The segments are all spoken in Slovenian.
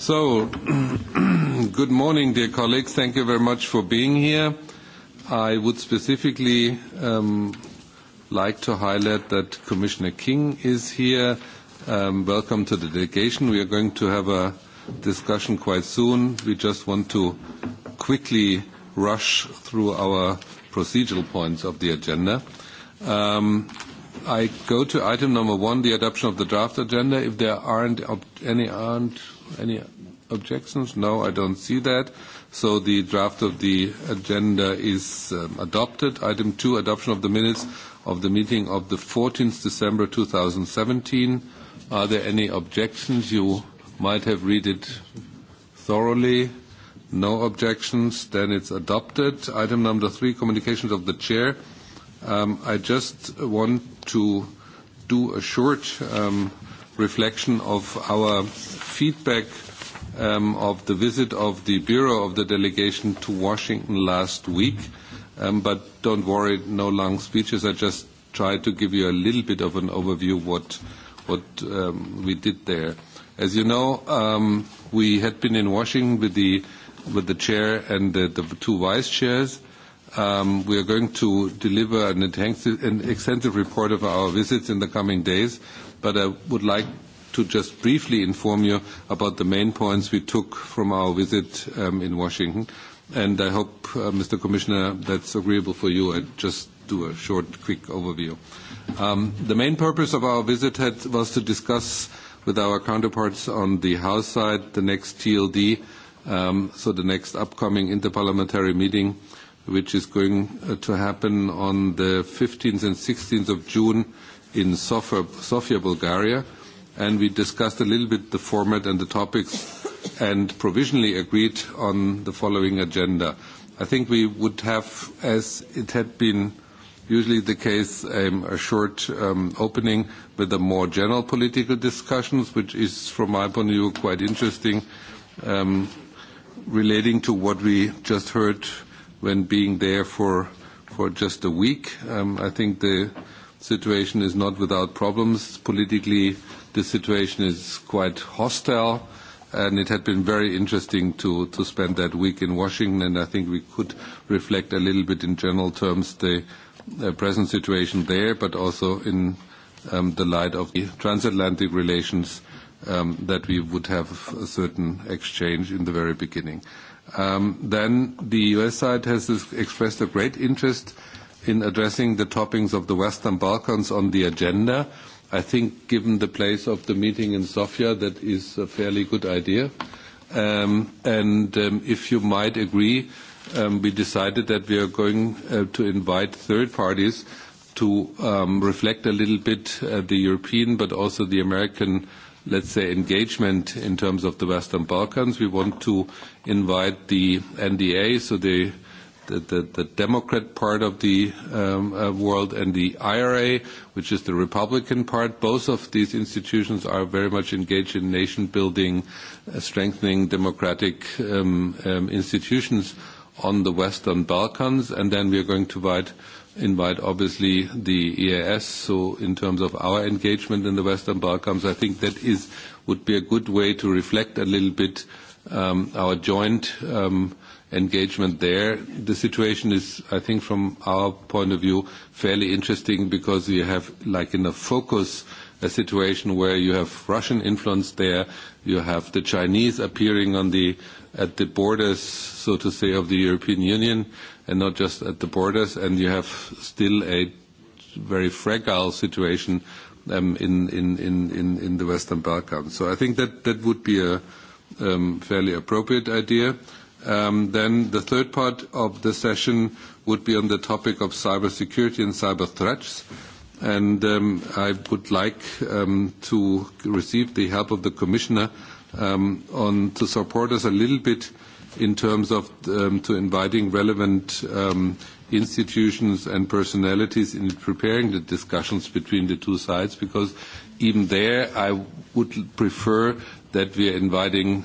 Good morning, dear colleagues. Thank you very much for being here. I would specifically um, like to highlight that Commissioner King is here. Um, welcome to the delegation. We are going to have a discussion quite soon. We just want to quickly rush through our procedural points of the agenda. Um, I go to item number one, the adoption of the draft agenda. If there aren't any Any objections? No, I don't see that. So the draft of the agenda is um, adopted. Item 2, adoption of the minutes of the meeting of the 14th December 2017. Are there any objections? You might have read it thoroughly. No objections. Then it's adopted. Item number 3, communications of the chair. Um, I just want to do a short um, reflection of our feedback um, of the visit of the Bureau of the Delegation to Washington last week. Um, but don't worry, no long speeches. I just try to give you a little bit of an overview of what, what um, we did there. As you know, um, we had been in Washington with the, with the chair and the, the two vice chairs. Um, we are going to deliver an extensive, an extensive report of our visits in the coming days, but I would like to just briefly inform you about the main points we took from our visit um, in Washington. And I hope, uh, Mr. Commissioner, that's agreeable for you. I just do a short, quick overview. Um, the main purpose of our visit had, was to discuss with our counterparts on the House side the next TLD, um, so the next upcoming interparliamentary meeting, which is going uh, to happen on the 15th and 16th of June in Sofia, Sofia Bulgaria and we discussed a little bit the format and the topics and provisionally agreed on the following agenda. I think we would have, as it had been usually the case, um, a short um, opening with a more general political discussions, which is, from my point of view, quite interesting, um, relating to what we just heard when being there for, for just a week. Um, I think the situation is not without problems politically the situation is quite hostile and it had been very interesting to, to spend that week in Washington and I think we could reflect a little bit in general terms the, the present situation there but also in um, the light of the transatlantic relations um, that we would have a certain exchange in the very beginning. Um, then the US side has expressed a great interest in addressing the toppings of the Western Balkans on the agenda. I think, given the place of the meeting in Sofia, that is a fairly good idea. Um, and um, if you might agree, um, we decided that we are going uh, to invite third parties to um, reflect a little bit uh, the European but also the American, let's say, engagement in terms of the Western Balkans. We want to invite the NDA, so the the, the Democrat part of the um, uh, world and the IRA, which is the Republican part. Both of these institutions are very much engaged in nation building, uh, strengthening democratic um, um, institutions on the Western Balkans. And then we are going to invite, invite, obviously, the EAS. So, in terms of our engagement in the Western Balkans, I think that is would be a good way to reflect a little bit um, our joint. Um, engagement there. The situation is, I think, from our point of view, fairly interesting because you have, like in a focus, a situation where you have Russian influence there, you have the Chinese appearing on the, at the borders, so to say, of the European Union, and not just at the borders, and you have still a very fragile situation um, in, in, in, in the Western Balkans. So I think that, that would be a um, fairly appropriate idea. Um, the third part of the session would be on the topic of cybersecurity and cyber threats. Um, I would like um, to receive the help of the commissioner to support us a little bit in terms of to inviting relevant institutions and personalities in preparing the discussions between the two sides, because even there, I would prefer that we are inviting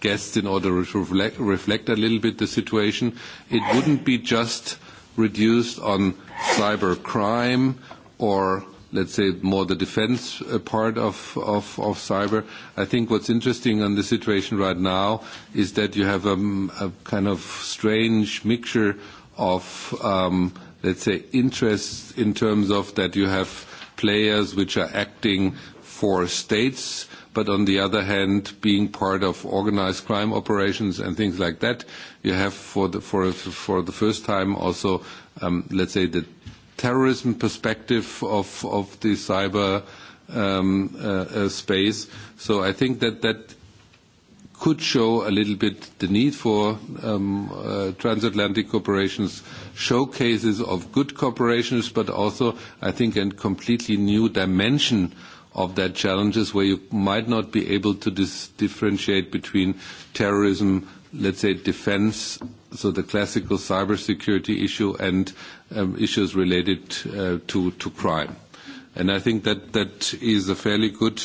guests in order to reflect a little bit the situation. It wouldn't be just reduced on cyber crime or let's say more the defense uh, part of, of, of cyber. I think what's interesting on the situation right now is that you have a, a kind of strange mixture of, um, let's say, interests in terms of that you have players which are acting for states, but on the other hand, being part of organized crime operations and things like that, you have for the, for, for the first time also, um, let's say, the terrorism perspective of, of the cyber um, uh, uh, space. So I think that that could show a little bit the need for um, uh, transatlantic cooperations, showcases of good cooperations, but also, I think, a completely new dimension of that challenge is where you might not be able to dis- differentiate between terrorism, let's say defense, so the classical cybersecurity issue, and um, issues related uh, to, to crime. And I think that that is a fairly good,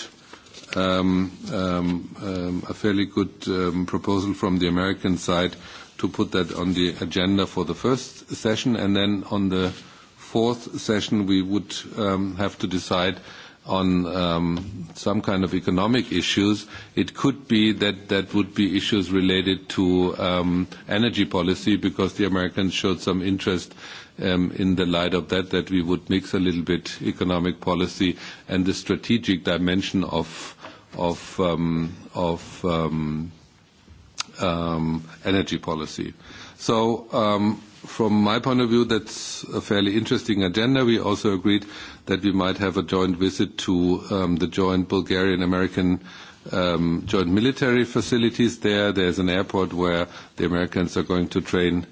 um, um, um, a fairly good um, proposal from the American side to put that on the agenda for the first session. And then on the fourth session, we would um, have to decide on um, some kind of economic issues, it could be that that would be issues related to um, energy policy because the Americans showed some interest um, in the light of that, that we would mix a little bit economic policy and the strategic dimension of, of, um, of um, um, energy policy. So um, from my point of view, that's a fairly interesting agenda. We also agreed that we might have a joint visit to um, the joint Bulgarian American um, joint military facilities there. There's an airport where the Americans are going to train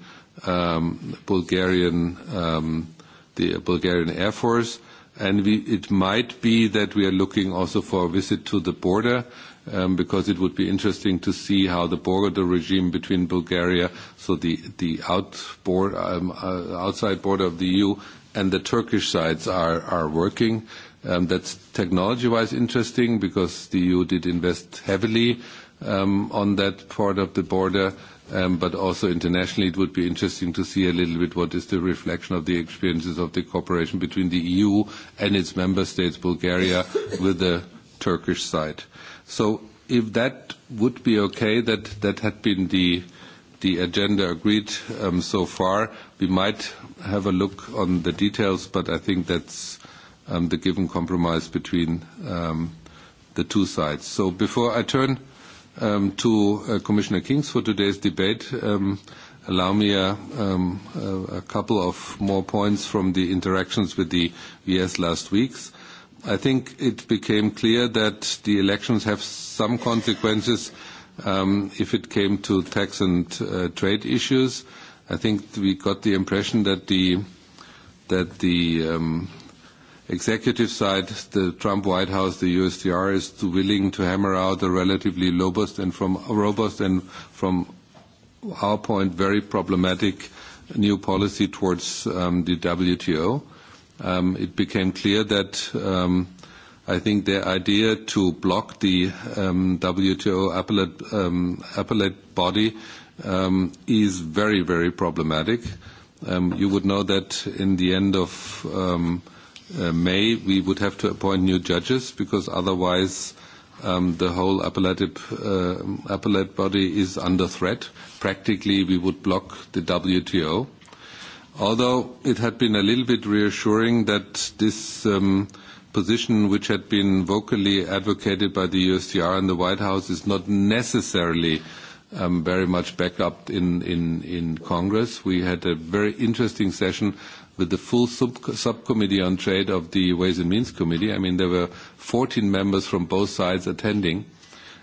um, Bulgarian, um, the Bulgarian Air Force. And we, it might be that we are looking also for a visit to the border um, because it would be interesting to see how the border regime between Bulgaria, so the the out board, um, uh, outside border of the EU, and the Turkish sides are are working. Um, that's technology-wise interesting because the EU did invest heavily um, on that part of the border. Um, but also internationally, it would be interesting to see a little bit what is the reflection of the experiences of the cooperation between the EU and its member states, Bulgaria, with the Turkish side. Uh, If that would be okay, that had been the agenda agreed um, so far, we might have a look on the details, but I think that's um, the given compromise between um, the two sides. Before I turn to uh, Commissioner King for today's debate, allow me a couple of more points from the interactions with the U.S. last weeks. I think it became clear that the elections have some consequences um, if it came to tax and uh, trade issues. I think we got the impression that the, that the um, executive side, the Trump White House, the USDR, is too willing to hammer out a relatively robust and from, robust and from our point very problematic new policy towards um, the WTO. Uh, um, it became clear that um, I think their idea to block the um, WTO appellate, um, appellate body um, is very, very problematic. Um, you would know that in the end of um, uh, May, we would have to appoint new judges because otherwise um, the whole appellative, uh, appellate body is under threat. Practically, we would block the WTO although it had been a little bit reassuring that this um, position, which had been vocally advocated by the USTR and the White House, is not necessarily um, very much backed up in Congress. We had a very interesting session with the full subcommittee on trade of the Ways and Means Committee. I mean, there were 14 members from both sides attending,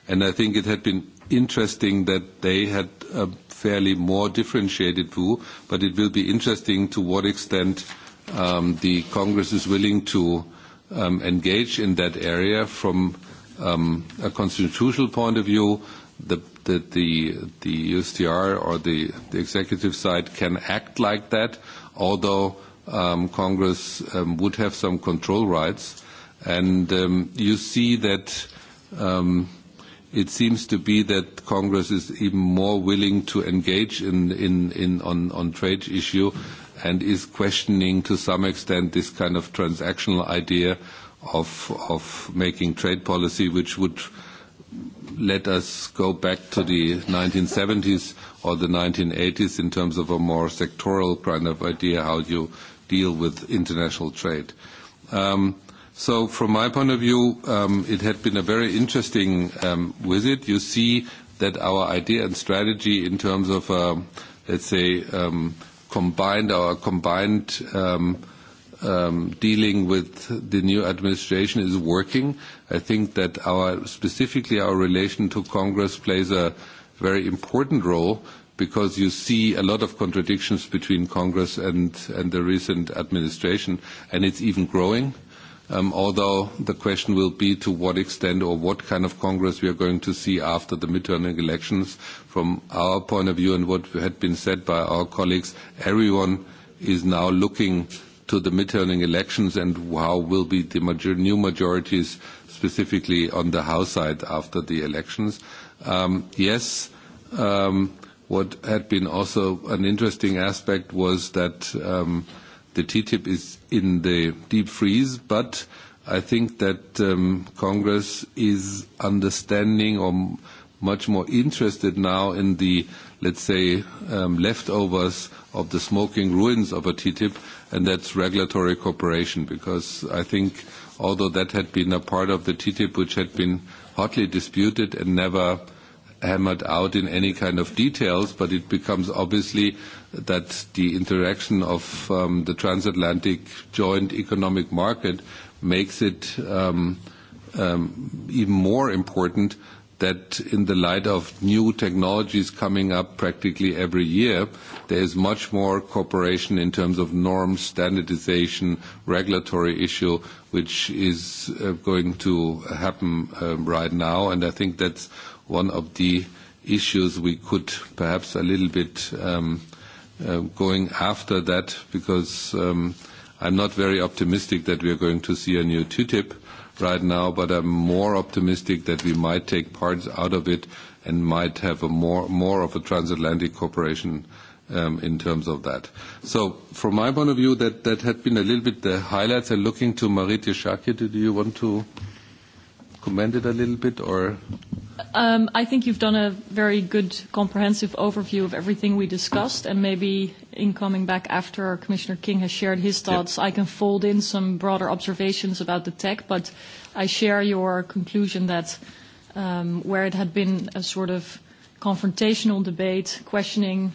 and I think it had been interesting that they had um, fairly more differentiated view, but it will be interesting to what extent um, the Congress is willing to um, engage in that area from um, a constitutional point of view. The USTR or the executive side can act like that, although Congress would have some control rights. You see that it seems to be that Congress is even more willing to engage in on trade issue and is questioning to some extent this kind of transactional idea of making trade policy, which would let us go back to the 1970s or the 1980s in terms of a more sectoral kind of idea how you deal with international trade. Um, So from my point of view, um, it had been a very interesting um, visit. You see that our idea and strategy in terms of, uh, let's say, um, combined our combined dealing with the new administration is working. I think that our, specifically our relation to Congress plays a very important role because you see a lot of contradictions between Congress and the recent administration, and it's even growing. Um, although the question will be to what extent or what kind of Congress we are going to see after the midterm elections. From our point of view and what had been said by our colleagues, everyone is now looking to the midterm elections and how will be the new majorities, specifically on the House side after the elections. Um, yes, um, what had been also an interesting aspect was that the TTIP is in the deep freeze, but I think that um, Congress is understanding or m- much more interested now in the, let's say, um, leftovers of the smoking ruins of a TTIP, and that's regulatory cooperation, because I think although that had been a part of the TTIP which had been hotly disputed and never hammered out in any kind of details, but it becomes obviously that the interaction of um, the transatlantic joint economic market makes it um, um, even more important that in the light of new technologies coming up practically every year, there is much more cooperation in terms of norms, standardization, regulatory issue, which is uh, going to happen uh, right now. And I think that's one of the issues we could perhaps a little bit um, uh, Uh, going after that because um, I'm not very optimistic that we are going to see a new TTIP right now, but I'm more optimistic that we might take parts out of it and might have more of a transatlantic cooperation um, in terms of that. So from my point of view, that had been a little bit the highlights. And looking to Marietje Schaake, did you want to comment it a little bit or um, I think you've done a very good comprehensive overview of everything we discussed and maybe in coming back after Commissioner King has shared his thoughts yep. I can fold in some broader observations about the tech but I share your conclusion that um, where it had been a sort of confrontational debate questioning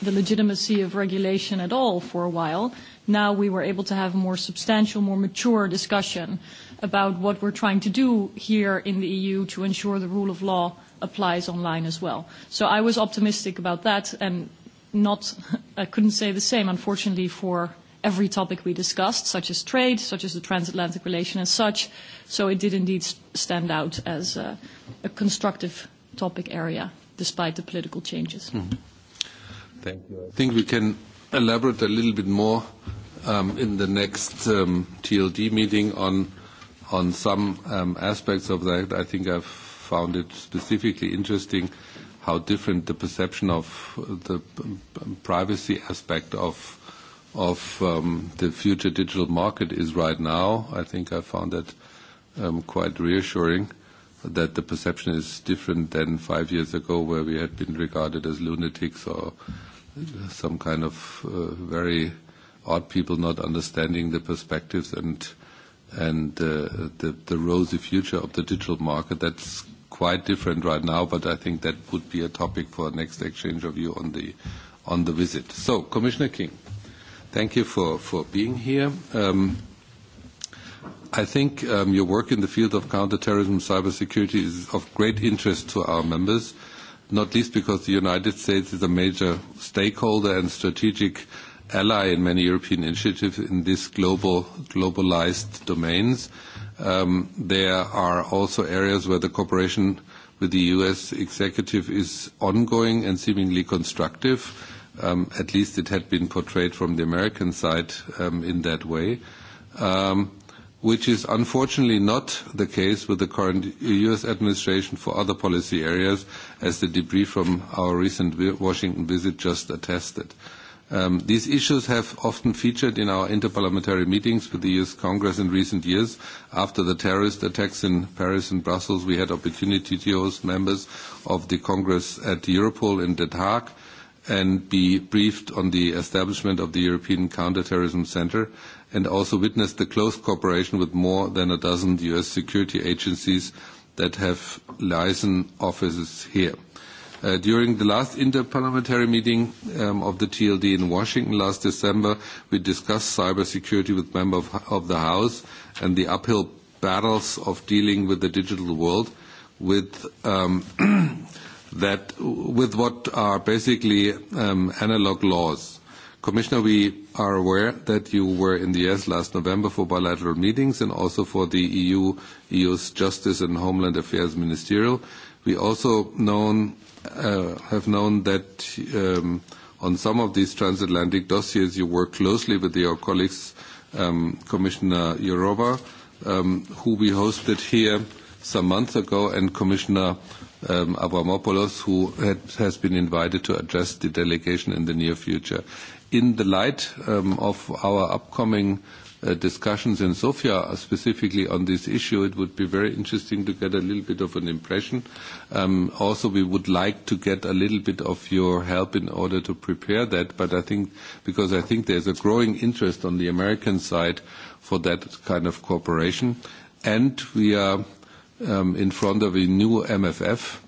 the legitimacy of regulation at all for a while now we were able to have a more substantial more mature discussion about what we're trying to do here in the EU to ensure the rule of law applies online as well. So I was optimistic about that and not, I couldn't say the same, unfortunately, for every topic we discussed, such as trade, such as the transatlantic relation as such. So it did indeed stand out as a, a constructive topic area, despite the political changes. Mm-hmm. Thank you. I think we can elaborate a little bit more um, in the next um, TLD meeting on on some um, aspects of that, I think I've found it specifically interesting how different the perception of the privacy aspect of um, the future digital market is right now. I think I found that um, quite reassuring that the perception is different than five years ago, where we had been regarded as lunatics or some kind of uh, very odd people not understanding the perspectives and and uh, the, the rosy future of the digital market. That's quite different right now, but I think that would be a topic for next exchange of you on the, on the visit. So, Commissioner King, thank you for, for being here. Um, I think um, your work in the field of counterterrorism and cybersecurity is of great interest to our members, not least because the United States is a major stakeholder and strategic partner ally in many European initiatives in these global, globalized domains. Um, there are also areas where the cooperation with the U.S. executive is ongoing and seemingly constructive. Um, at least it had been portrayed from the American side um, in that way, um, which is unfortunately not the case with the current U.S. administration for other policy areas, as the debris from our recent Washington visit just attested. Um, these issues have often featured in our interparliamentary meetings with the U.S. Congress in recent years. After the terrorist attacks in Paris and Brussels, we had opportunity to host members of the Congress at Europol in The Hague and be briefed on the establishment of the European Counterterrorism Center, and also witnessed the close cooperation with more than a dozen U.S. security agencies that have liaison offices here. Uh, during the last inter-parliamentary meeting um, of the TLD in Washington last December, we discussed cybersecurity with members of the House and the uphill battles of dealing with the digital world with um, what are basically um, analog laws. Commissioner, we are aware that you were in the U.S. last November for bilateral meetings and also for the EU's e Justice and Homeland Affairs Ministerial. We also uh, have known that um, on some of these transatlantic dossiers, you work closely with your colleagues, um, Commissioner Jourová, um, who we hosted here some months ago, and Commissioner Avramopoulos, who has been invited to address the delegation in the near future in the light um, of our upcoming uh, discussions in Sofia, specifically on this issue, it would be very interesting to get a little bit of an impression. Um, also, we would like to get a little bit of your help in order to prepare that, but I think, because I think there's a growing interest on the American side for that kind of cooperation. We are um, in front of a new MFF,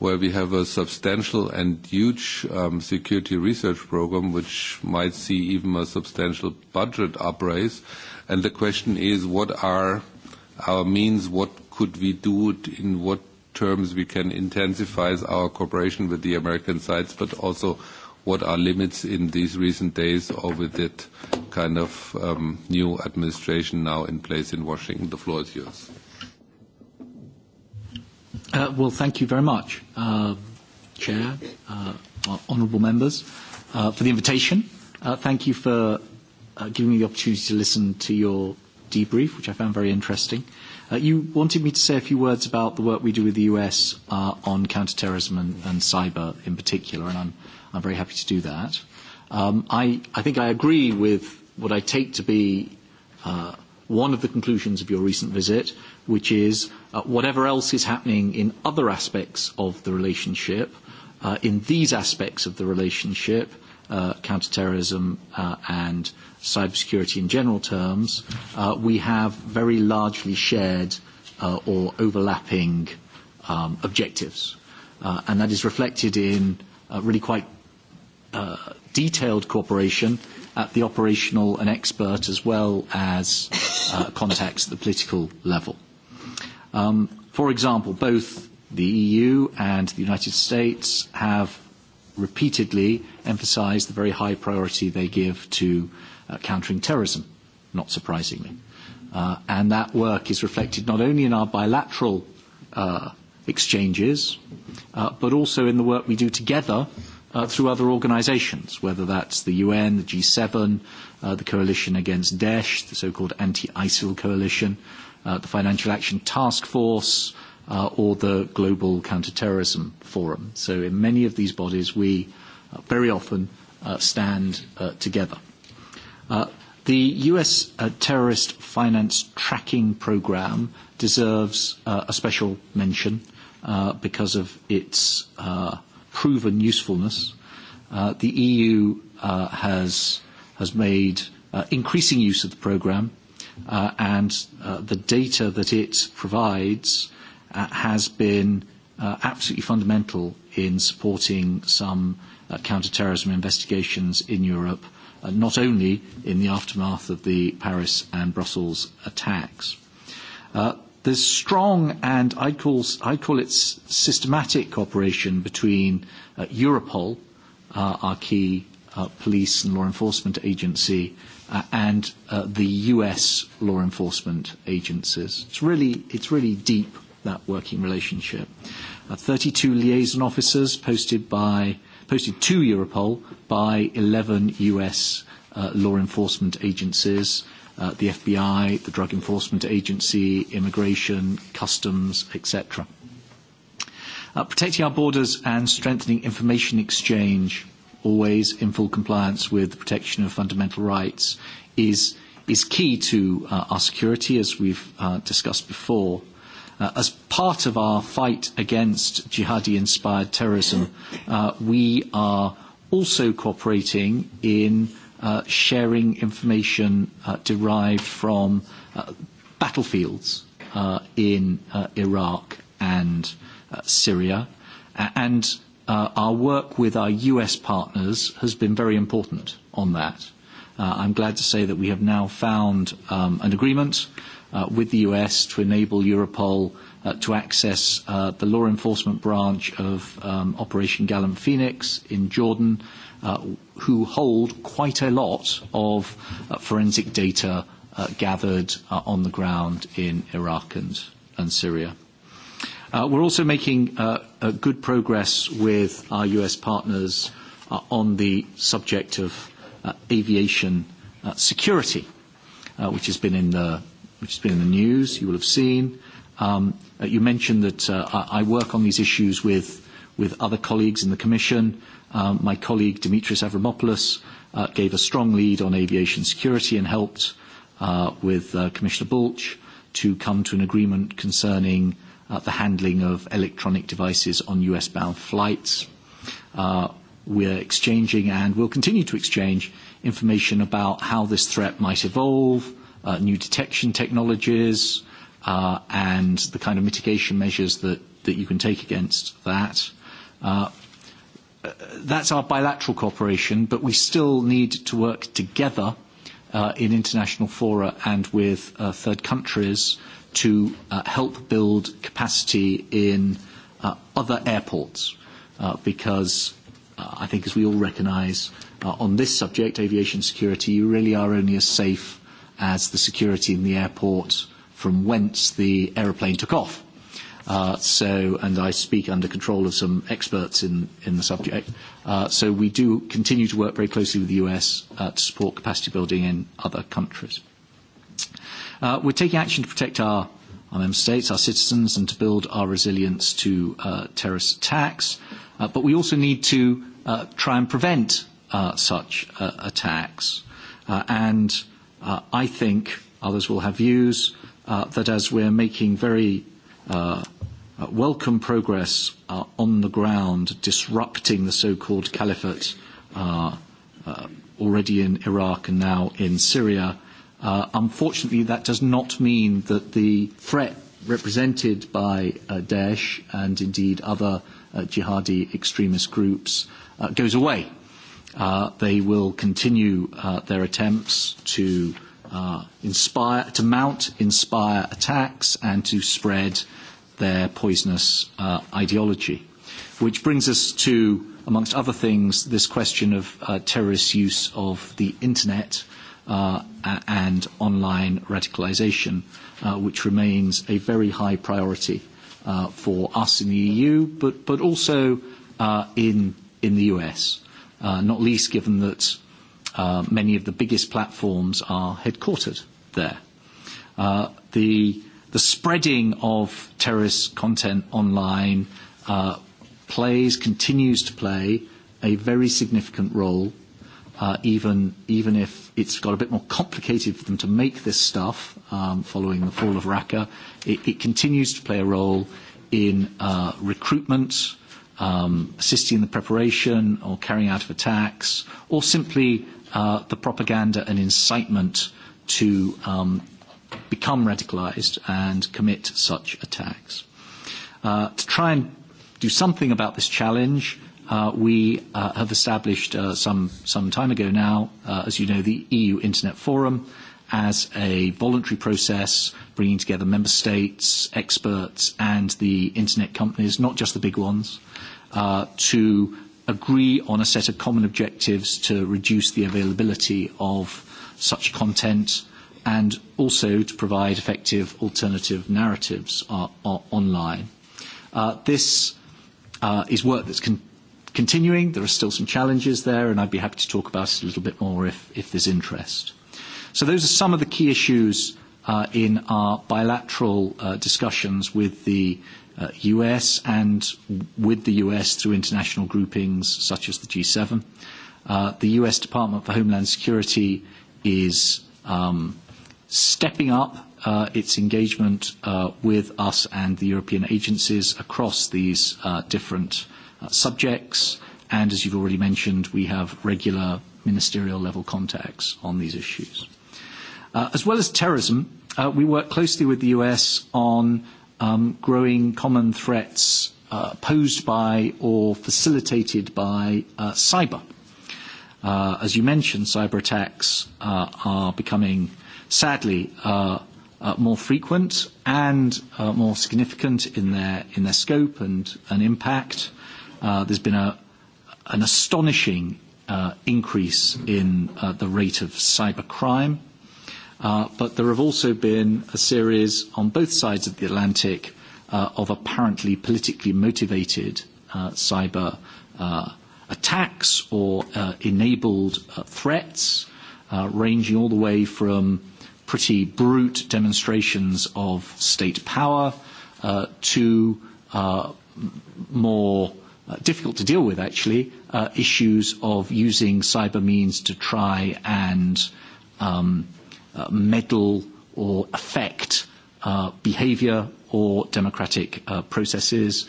where we have a substantial and huge um, security research program, which might see even a substantial budget upraise. The question is, what are our means? What could we do? In what terms we can intensify our cooperation with the American sites, but also what are limits in these recent days or with that kind of um, new administration now in place in Washington? The floor is yours. Uh, well, thank you very much, uh, Chair, uh, honourable members, uh, for the invitation. Uh, thank you for uh, giving me the opportunity to listen to your debrief, which I found very interesting. Uh, you wanted me to say a few words about the work we do with the US uh, on counterterrorism and, and cyber in particular, and I'm, I'm very happy to do that. Um, I, I think I agree with what I take to be uh, one of the conclusions of your recent visit, which is Uh, whatever else is happening in other aspects of the relationship, uh, in these aspects of the relationship, uh, counterterrorism uh, and cybersecurity in general terms, uh, we have very largely shared uh, or overlapping um, objectives. Uh, and that is reflected in uh, really quite uh, detailed cooperation at the operational and expert as well as uh, contacts at the political level. Um, for example, both the EU and the United States have repeatedly emphasized the very high priority they give to uh, countering terrorism, not surprisingly. Uh, and that work is reflected not only in our bilateral uh, exchanges, uh, but also in the work we do together uh, uh, through other organisations, whether that's the UN, the G7, uh, the Coalition Against Daesh, the so-called Anti-ISIL Coalition, uh, the Financial Action Task Force, uh, or the Global Counterterrorism Forum. So in many of these bodies, we uh, very often uh, stand uh, together. Uh, the US uh, terrorist finance tracking program deserves uh, a special mention uh, because of its uh, proven usefulness. Uh, the EU uh, has has made uh, increasing use of the programme, uh, and uh, the data that it provides uh, has been uh, absolutely fundamental in supporting some uh, counter-terrorism investigations in Europe, uh, not only in the aftermath of the Paris and Brussels attacks. Uh, there's strong and I call, I call it systematic cooperation between uh, Europol, uh, our key uh, police and law enforcement agency, uh, and uh, the US law enforcement agencies. It's really, it's really deep, that working relationship. Uh, 32 liaison officers posted, by, posted to Europol by 11 US uh, law enforcement agencies uh, the FBI, the Drug Enforcement Agency, immigration, customs, etc. Uh, protecting our borders and strengthening information exchange, always in full compliance with the protection of fundamental rights, is, is key to uh, our security, as we've uh, discussed before. Uh, as part of our fight against jihadi inspired terrorism, uh, we are also cooperating in uh, Uh, sharing information uh, derived from uh, battlefields uh, in uh, Iraq and uh, Syria. And uh, our work with our US partners has been very important on that. Uh, I'm glad to say that we have now found um, an agreement uh, with the US to enable Europol. Uh, to access uh, the law enforcement branch of um, Operation Gallant Phoenix in Jordan, uh, who hold quite a lot of uh, forensic data uh, gathered uh, on the ground in Iraq and, and Syria. Uh, we're also making uh, uh, good progress with our US partners uh, on the subject of uh, aviation uh, security, uh, which, has been in the, which has been in the news, you will have seen. Um, uh, you mentioned that uh, I, I work on these issues with with other colleagues in the Commission. Um, my colleague, Dimitris Avramopoulos, uh, gave a strong lead on aviation security and helped uh, with uh, Commissioner Bulc to come to an agreement concerning the handling of electronic devices on U.S.-bound flights. We're exchanging and will continue to exchange information about how this threat might evolve, new detection technologies, and the kind of mitigation measures that you can take against that. Uh, that's our bilateral cooperation, but we still need to work together uh, in international fora and with uh, third countries to uh, help build capacity in uh, other airports, uh, because uh, I think, as we all recognize, uh, on this subject, aviation security, you really are only as safe as the security in the airport from whence the aeroplane took off. Uh, so and I speak under control of some experts in, in the subject. Uh, so we do continue to work very closely with the US uh, to support capacity building in other countries. Uh, we're taking action to protect our, our member states, our citizens, and to build our resilience to uh, terrorist attacks. Uh, but we also need to uh, try and prevent uh, such uh, attacks. Uh, and uh, I think others will have views uh, that as we're making very Uh, uh, welcome progress uh, on the ground, disrupting the so-called caliphate uh, uh, already in Iraq and now in Syria. Uh, unfortunately, that does not mean that the threat represented by uh, Daesh and indeed other uh, jihadi extremist groups uh, goes away. Uh, they will continue uh, their attempts to uh, uh, inspire, to mount inspire attacks and to spread their poisonous uh, ideology. Which brings us to, amongst other things, this question of uh, terrorist use of the internet uh, and online radicalization, uh, which remains a very high priority uh, for us in the EU, but, but also uh, in, in the US, uh, not least given that Uh, many of the biggest platforms are headquartered there. Uh, the spreading of terrorist content online uh, plays, continues to play a very significant role, even if it's got a bit more complicated for them to make this stuff, um, following the fall of Raqqa. It continues to play a role in recruitment, um, assisting in the preparation or carrying out of attacks, or simply uh, the propaganda and incitement to um, become radicalized and commit such attacks. Uh, to try and do something about this challenge, uh, we uh, have established uh, some, some time ago now, uh, as you know, the EU Internet Forum as a voluntary process, bringing together member states, experts, and the internet companies, not just the big ones, uh, to agree on a set of common objectives to reduce the availability of such content and also to provide effective alternative narratives uh, uh, online. Uh, this uh, is work that's con- continuing. There are still some challenges there, and I'd be happy to talk about it a little bit more if, if there's interest. So those are some of the key issues uh, in our bilateral uh, discussions with the uh, US and with the US through international groupings such as the G7. Uh, the US Department for Homeland Security is um, stepping up uh, its engagement uh, with us and the European agencies across these uh, different uh, subjects. And as you've already mentioned, we have regular ministerial level contacts on these issues. Uh, as well as terrorism, uh, we work closely with the US on um, growing common threats uh, posed by or facilitated by uh, cyber. Uh, as you mentioned, cyber attacks uh, are becoming sadly uh, uh, more frequent and uh, more significant in their, in their scope and, and impact. Uh, there's been a, an astonishing uh, increase in uh, the rate of cyber crime. Uh, but there have also been a series on both sides of the Atlantic uh, of apparently politically motivated uh, cyber uh, attacks or uh, enabled uh, threats, uh, ranging all the way from pretty brute demonstrations of state power uh, to uh, more uh, difficult to deal with, actually, uh, issues of using cyber means to try and um, uh, Uh, meddle or affect uh, behaviour or democratic uh, processes,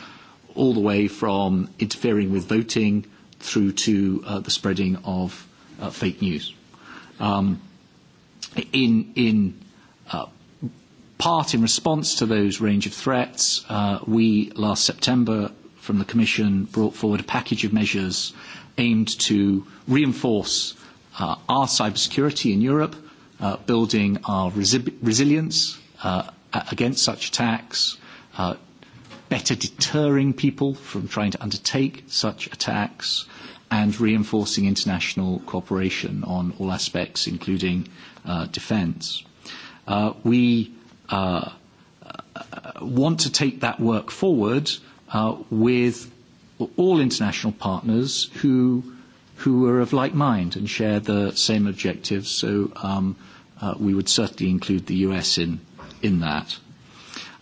all the way from interfering with voting through to uh, the spreading of uh, fake news. Um, in in uh, part in response to those range of threats, uh, we last September from the Commission brought forward a package of measures aimed to reinforce uh, our cybersecurity in Europe, uh, Uh, building our resilience uh, against such attacks, uh, better deterring people from trying to undertake such attacks, and reinforcing international cooperation on all aspects, including defence. We want to take that work forward with all international partners who are of like mind and share the same objectives. So, um, Uh, we would certainly include the U.S. in in that.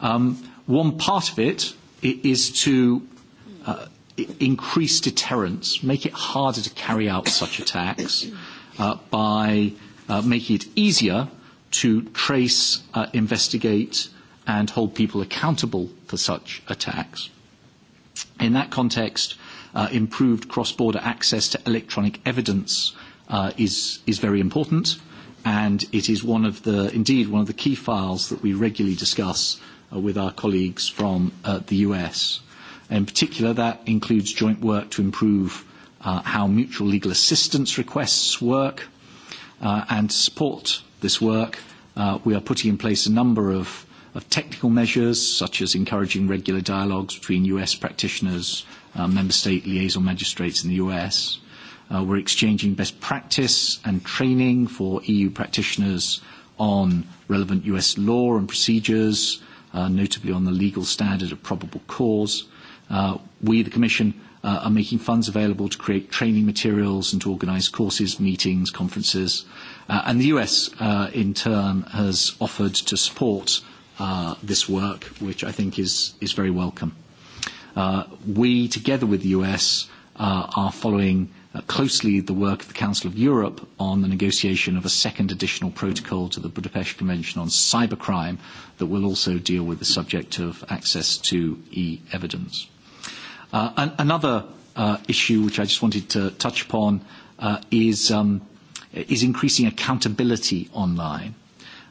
Um, one part of it is to uh, increase deterrence, make it harder to carry out such attacks uh, by uh, making it easier to trace, uh, investigate, and hold people accountable for such attacks. In that context, uh, improved cross-border access to electronic evidence uh, is, is very important and it is one of the, indeed, one of the key files that we regularly discuss uh, with our colleagues from uh, the US. In particular, that includes joint work to improve uh, how mutual legal assistance requests work uh, and to support this work. Uh, we are putting in place a number of, of technical measures, such as encouraging regular dialogues between US practitioners, uh, member state liaison magistrates in the US. Uh, Uh, we're exchanging best practice and training for EU practitioners on relevant US law and procedures, uh, notably on the legal standard of probable cause. Uh, we, the Commission, uh, are making funds available to create training materials and to organize courses, meetings, conferences. Uh, and the US, uh, in turn, has offered to support uh, this work, which I think is, is very welcome. Uh, we, together with the US, uh, are following uh, Uh, closely the work of the Council of Europe on the negotiation of a second additional protocol to the Budapest Convention on Cybercrime that will also deal with the subject of access to e-evidence. Uh, and another uh, issue which I just wanted to touch upon uh, is, um, is increasing accountability online.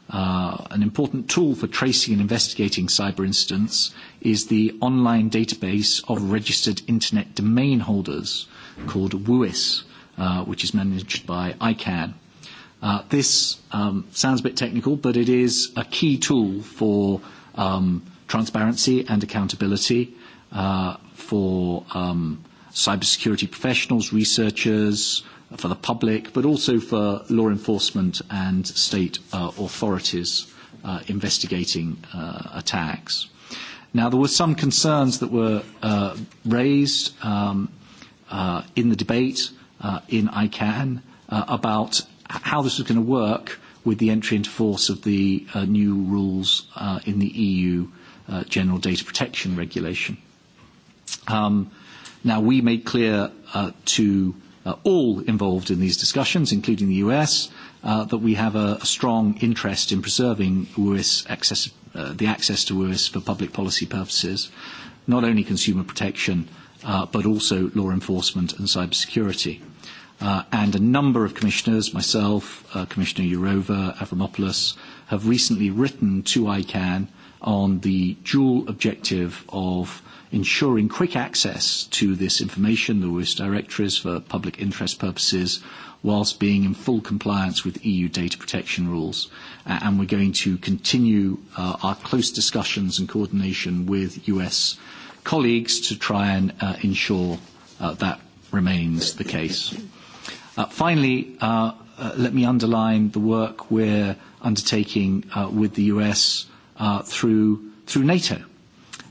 Uh, an important tool for tracing and investigating cyber incidents is the online database of registered internet domain holders, uh, called WUIS, uh, which is managed by ICANN. Uh, this um, sounds a bit technical, but it is a key tool for um, transparency and accountability uh, for um, cybersecurity professionals, researchers, for the public, but also for law enforcement and state uh, authorities uh, investigating uh, attacks. Now, there were some concerns that were uh, raised um, uh, in the debate uh, in ICANN uh, about how this is going to work with the entry into force of the uh, new rules uh, in the EU uh, General Data Protection Regulation. Um, now, we made clear uh, to uh, all involved in these discussions, including the US, uh, that we have a, a strong interest in preserving access, uh, the access to WIS for public policy purposes, not only consumer protection, Uh, but also law enforcement and cyber security. Uh, and a number of commissioners, myself, uh, Commissioner Yurova, Avramopoulos, have recently written to ICANN on the dual objective of ensuring quick access to this information, the WIS directories for public interest purposes, whilst being in full compliance with EU data protection rules. Uh, and we're going to continue uh, our close discussions and coordination with US uh, colleagues to try and uh, ensure uh, that remains the case. Uh, finally, uh, uh, let me underline the work we're undertaking uh, with the US uh, through, through NATO.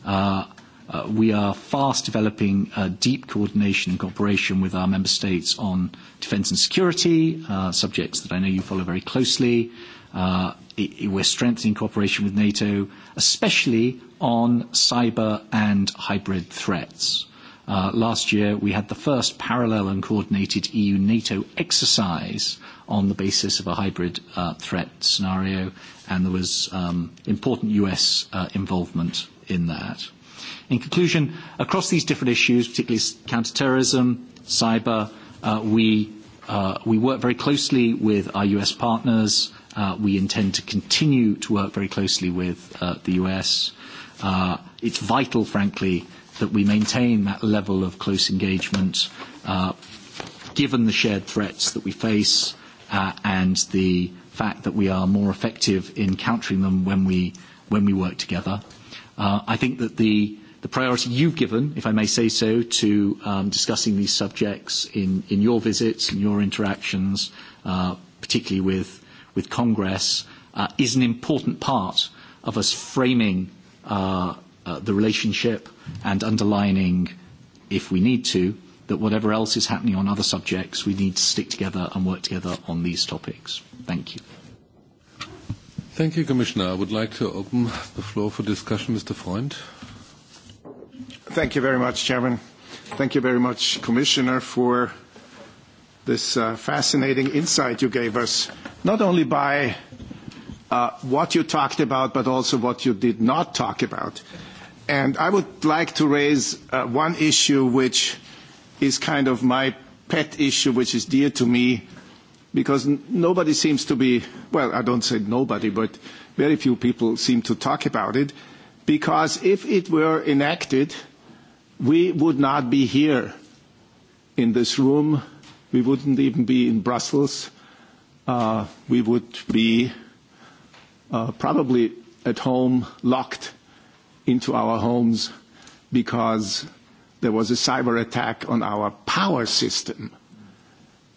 Uh, uh, we are fast developing uh, deep coordination and cooperation with our member states on defence and security, uh, subjects that I know you follow very closely uh, we're strengthening cooperation with NATO, especially on cyber and hybrid threats. Uh, last year, we had the first parallel and coordinated EU NATO exercise on the basis of a hybrid uh, threat scenario, and there was um, important US uh, involvement in that. In conclusion, across these different issues, particularly counterterrorism, cyber, uh, we, uh, we work very closely with our US partners. Uh, we intend to continue to work very closely with uh, the U.S. Uh, it's vital, frankly, that we maintain that level of close engagement, given the shared threats that we face, and the fact that we are more effective in countering them when we work together. I think that the priority you've given, if I may say so, to um, discussing these subjects in your visits and your interactions, particularly with with Congress uh, is an important part of us framing uh, uh, the relationship and underlining, if we need to, that whatever else is happening on other subjects, we need to stick together and work together on these topics. Thank you. Thank you, Commissioner. I would like to open the floor for discussion, Mr. Freund. Thank you very much, Chairman. Thank you very much, Commissioner, for this uh, fascinating insight you gave us, not only by uh, what you talked about, but also what you did not talk about. And I would like to raise uh, one issue which is kind of my pet issue, which is dear to me, because n- nobody seems to be, well, I don't say nobody, but very few people seem to talk about it, because if it were enacted, we would not be here in this room we wouldn't even be in Brussels. Uh, we would be uh, probably at home locked into our homes because there was a cyber attack on our power system.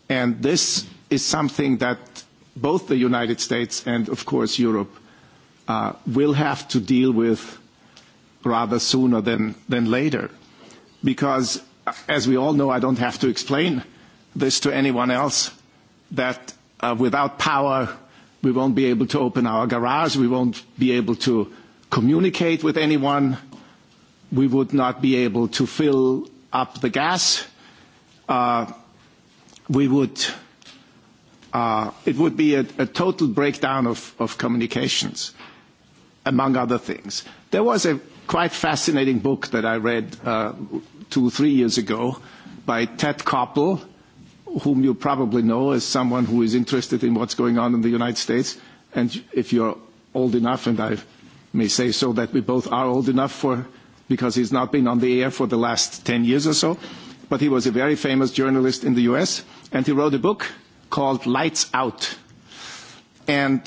And this is something that both the United States and, of course, Europe uh, will have to deal with rather sooner than, than later. Because, uh, as we all know, I don't have to explain this to anyone else that uh, without power, we won't be able to open our garage, we won't be able to communicate with anyone, we would not be able to fill up the gas, uh, we would, uh, it would be a, a total breakdown of, of communications, among other things. There was a quite fascinating book that I read uh, two, three years ago by Ted Koppel whom you probably know as someone who is interested in what's going on in the United States. And if you're old enough, and I may say so that we both are old enough for, because he's not been on the air for the last 10 years or so, but he was a very famous journalist in the US, and he wrote a book called Lights Out. And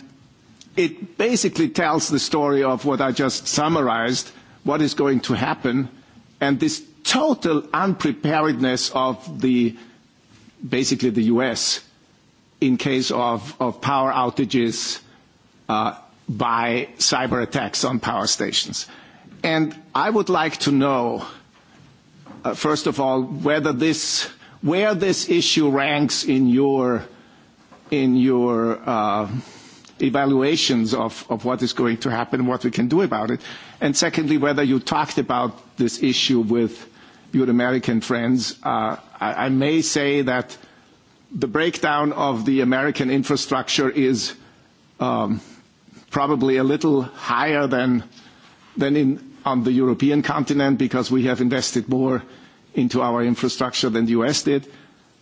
it basically tells the story of what I just summarized what is going to happen, and this total unpreparedness of the basically the US in case of, of power outages uh, by cyber attacks on power stations. And I would like to know, uh, first of all, whether this, where this issue ranks in your, in your uh, evaluations of, of what is going to happen and what we can do about it. And secondly, whether you talked about this issue with your American friends. Uh, I may say that the breakdown of the American infrastructure is um, probably a little higher than in on the European continent, because we have invested more into our infrastructure than the U.S. did.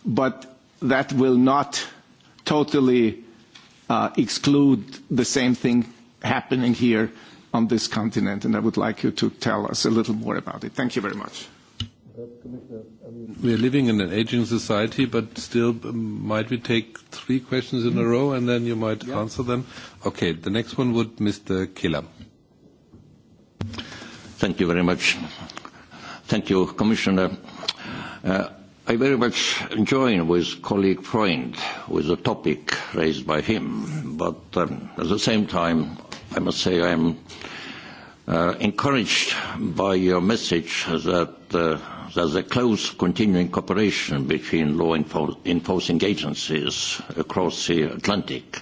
But that will not totally uh, exclude the same thing happening here on this continent, and I would like you to tell us a little more about it. Thank you very much. We are living in an aging society, but still, um, might we take three questions in a row, and then you might answer them? Yeah. Okay, the next one would Mr. Keller. Thank you very much. Thank you, Commissioner. Uh, I very much join with colleague Freund with the topic raised by him, but um, at the same time, I must say I'm uh, encouraged by your message that uh, that the close continuing cooperation between law enforcing agencies across the Atlantic,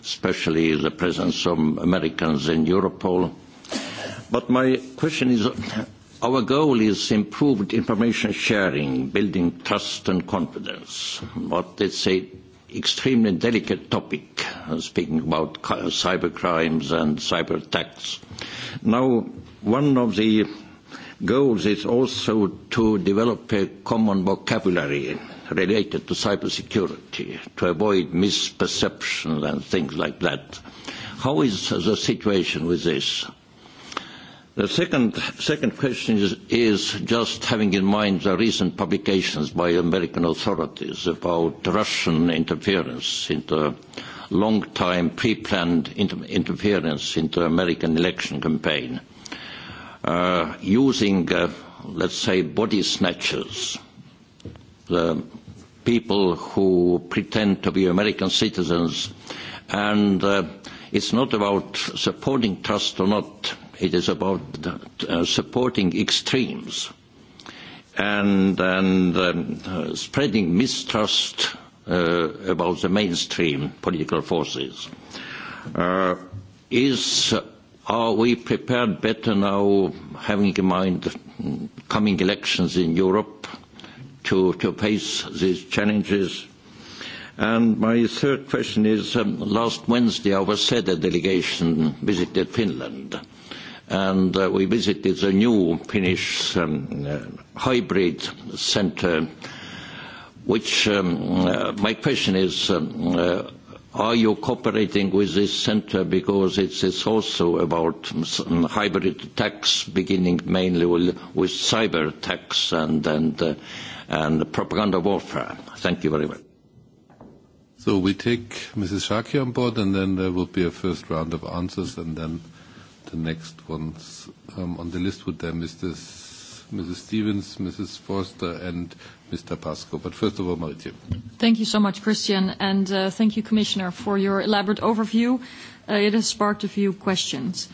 especially the presence of Americans in Europol. But my question is our goal is improved information sharing, building trust and confidence. But it's an extremely delicate topic, speaking about cyber crimes and cyber attacks. Now, one of the goals is also to develop a common vocabulary related to cybersecurity, to avoid misperceptions and things like that. How is the situation with this? The second, second question is, is just having in mind the recent publications by American authorities about Russian interference into long-time pre-planned inter- interference into American election campaign. Uh, using, uh, let's say, body snatchers, the people who pretend to be American citizens. And uh, it's not about supporting trust or not. It is about uh, supporting extremes and, and um, uh, spreading mistrust uh, about the mainstream political forces. Uh, is are we prepared better now, having in mind the coming elections in Europe, to, to face these challenges? And my third question is, um, last Wednesday our SEDA delegation visited Finland, and uh, we visited the new Finnish um, uh, hybrid centre, which um, uh, my question is, um, uh, Are you cooperating with this center because it is also about um, hybrid attacks, beginning mainly with cyber attacks and, and, uh, and propaganda warfare? Thank you very much. So we take Mrs. Sharkey on board, and then there will be a first round of answers, and then the next ones um, on the list would then Mr. Mrs. Stevens, Mrs. Foster, and Mr. Pasco. But first of all, Maritje. Thank you so much, Christian, and uh, thank you, Commissioner, for your elaborate overview. Uh, it has sparked a few questions.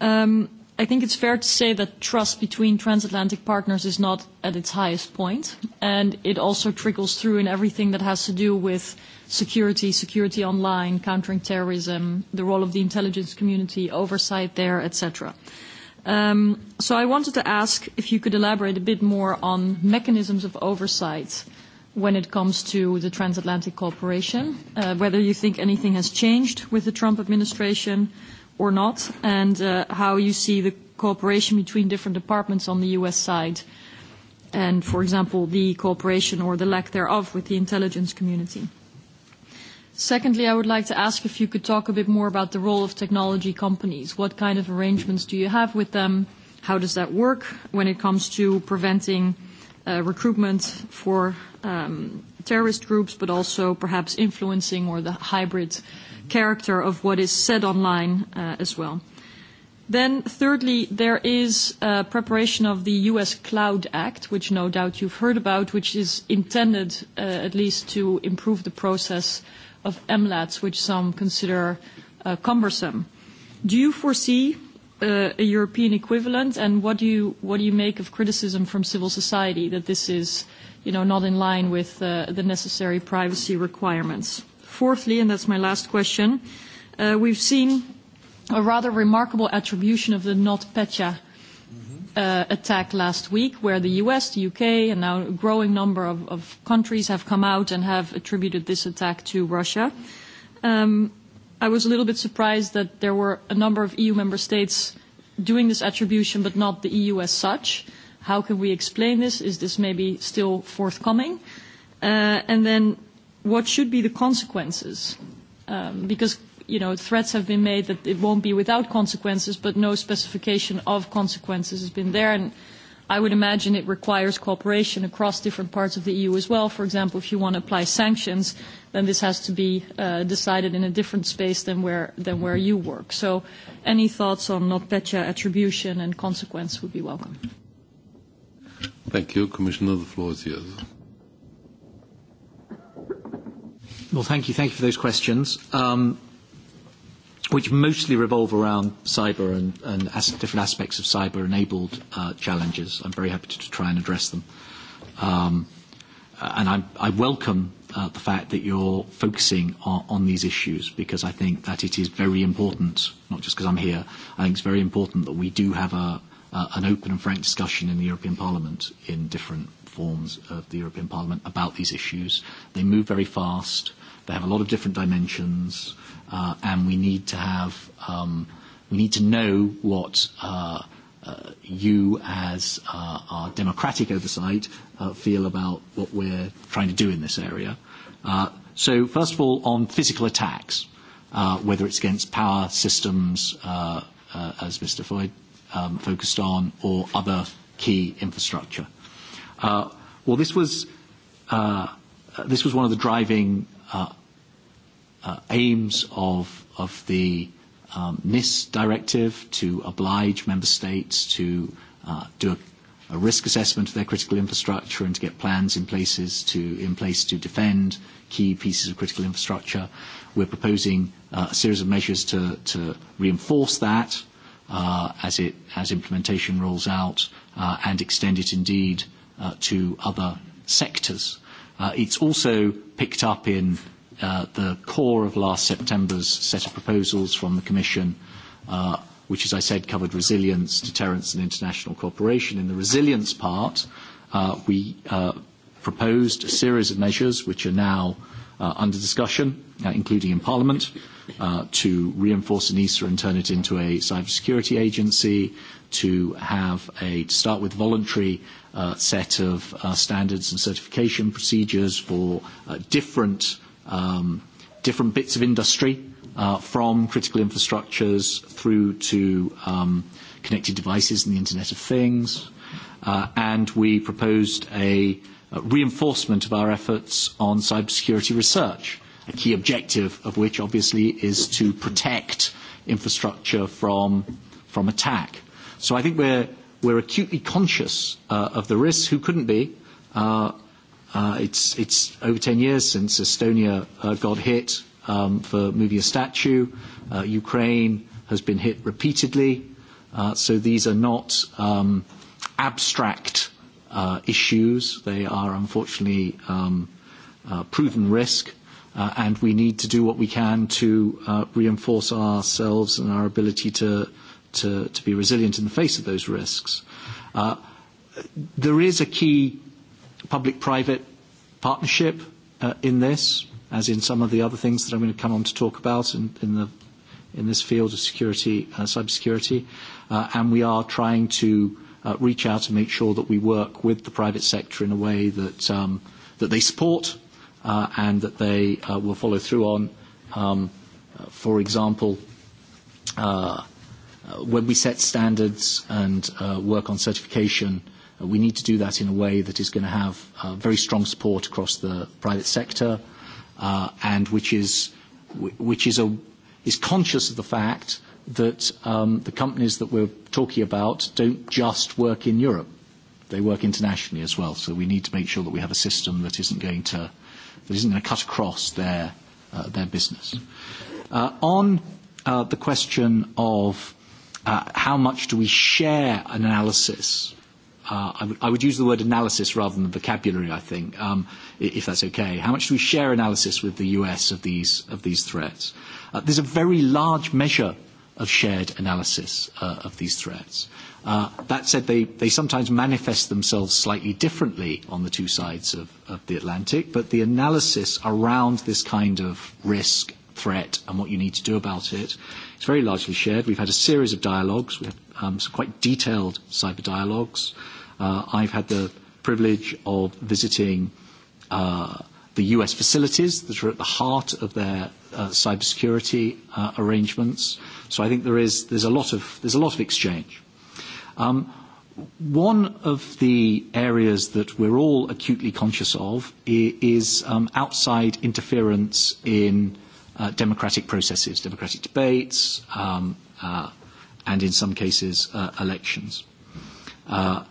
Um, I think it's fair to say that trust between transatlantic partners is not at its highest point, and it also trickles through in everything that has to do with security, security online, countering terrorism, the role of the intelligence community, oversight there, etc. cetera. Um, so I wanted to ask if you could elaborate a bit more on mechanisms of oversight when it comes to the transatlantic cooperation, uh, whether you think anything has changed with the Trump administration or not, and uh, how you see the cooperation between different departments on the U.S. side, and, for example, the cooperation or the lack thereof with the intelligence community. Secondly, I would like to ask if you could talk a bit more about the role of technology companies. What kind of arrangements do you have with them? How does that work when it comes to preventing uh, recruitment for um, terrorist groups, but also perhaps influencing or the hybrid character of what is said online uh, as well? Then thirdly, there is preparation of the U.S. Cloud Act, which no doubt you've heard about, which is intended uh, at least to improve the process of MLATs, which some consider uh, cumbersome. Do you foresee uh, a European equivalent, and what do you make of criticism from civil society that this is not in line with uh, the necessary privacy requirements? Fourthly, and that's my last question, we've seen a rather remarkable attribution of the NotPetya Uh, attack last week, where the U.S., the U.K., and now a growing number of countries have come out and have attributed this attack to Russia. Um, I was a little bit surprised that there were a number of EU member states doing this attribution, but not the EU as such. How can we explain this? Is this maybe still forthcoming? Uh, and then what should be the consequences? Um, because you know, threats have been made that it won't be without consequences, but no specification of consequences has been there. And I would imagine it requires cooperation across different parts of the EU as well. For example, if you want to apply sanctions, then this has to be uh, decided in a different space than where, than where you work. So any thoughts on NotPetya attribution and consequence would be welcome. Thank you. Commissioner, the floor is yours. Well, thank you. Thank you for those questions. Um, which mostly revolve around cyber and, and as different aspects of cyber enabled uh, challenges. I'm very happy to, to try and address them. Um, and I, I welcome uh, the fact that you're focusing on, on these issues because I think that it is very important, not just because I'm here, I think it's very important that we do have a, uh, an open and frank discussion in the European Parliament in different forms of the European Parliament about these issues. They move very fast, they have a lot of different dimensions uh, and we need to have um, we need to know what uh, uh, you, as uh, our democratic oversight, uh, feel about what we're trying to do in this area. Uh, so, first of all, on physical attacks, uh, whether it's against power systems, uh, uh, as Mr. Floyd um, focused on, or other key infrastructure. Uh, well, this was uh, uh this was one of the driving. Uh, uh, aims of, of the um, NIST directive to oblige member states to uh, do a, a risk assessment of their critical infrastructure and to get plans in, places to, in place to defend key pieces of critical infrastructure. We're proposing uh, a series of measures to, to reinforce that uh, as, it, as implementation rolls out uh, and extend it indeed uh, to other sectors. Uh, it's also picked up in Uh, the core of last September's set of proposals from the Commission, uh, which, as I said, covered resilience, deterrence, and international cooperation. In the resilience part, uh, we uh, proposed a series of measures which are now uh, under discussion, uh, including in Parliament, uh, to reinforce ANISA e and turn it into a cybersecurity agency, to have a to start with voluntary. Uh, set of uh, standards and certification procedures for uh, different uh, um, different bits of industry, uh, from critical infrastructures through to um, connected devices and the Internet of Things. Uh, and we proposed a, a reinforcement of our efforts on cybersecurity research, a key objective of which, obviously, is to protect infrastructure from, from attack. So I think we're, we're acutely conscious uh, of the risks. Who couldn't be? Uh, Uh, it's, it's over 10 years since Estonia uh, got hit um, for moving a statue. Uh, Ukraine has been hit repeatedly. Uh, so these are not um, abstract uh, issues. They are unfortunately um, uh, proven risk. Uh, and we need to do what we can to uh, reinforce ourselves and our ability to, to, to be resilient in the face of those risks. Uh, there is a key public-private partnership uh, in this, as in some of the other things that I'm going to come on to talk about in, in, the, in this field of security, uh, cybersecurity. Uh, and we are trying to uh, reach out and make sure that we work with the private sector in a way that, um, that they support uh, and that they uh, will follow through on. Um, uh, for example, uh, uh when we set standards and uh, work on certification, uh, Uh, we need to do that in a way that is going to have uh, very strong support across the private sector uh, and which, is, which is, a, is conscious of the fact that um, the companies that we're talking about don't just work in Europe. They work internationally as well. So we need to make sure that we have a system that isn't going to, that isn't going to cut across their, uh, their business. Uh, on uh, the question of uh, how much do we share an analysis uh, Uh, I, w- I would use the word analysis rather than vocabulary, I think, um, if that's okay. How much do we share analysis with the US of these, of these threats? Uh, there's a very large measure of shared analysis uh, of these threats. Uh, that said, they, they sometimes manifest themselves slightly differently on the two sides of, of the Atlantic, but the analysis around this kind of risk, threat, and what you need to do about it is very largely shared. We've had a series of dialogues, we had um, some quite detailed cyber dialogues. Uh, I've had the privilege of visiting uh, the US facilities that are at the heart of their uh, cybersecurity uh, arrangements. So I think there is, there's, a lot of, there's a lot of exchange. Um, one of the areas that we're all acutely conscious of is um, outside interference in uh, democratic processes, democratic debates, um, uh, and in some cases, uh, elections. Uh,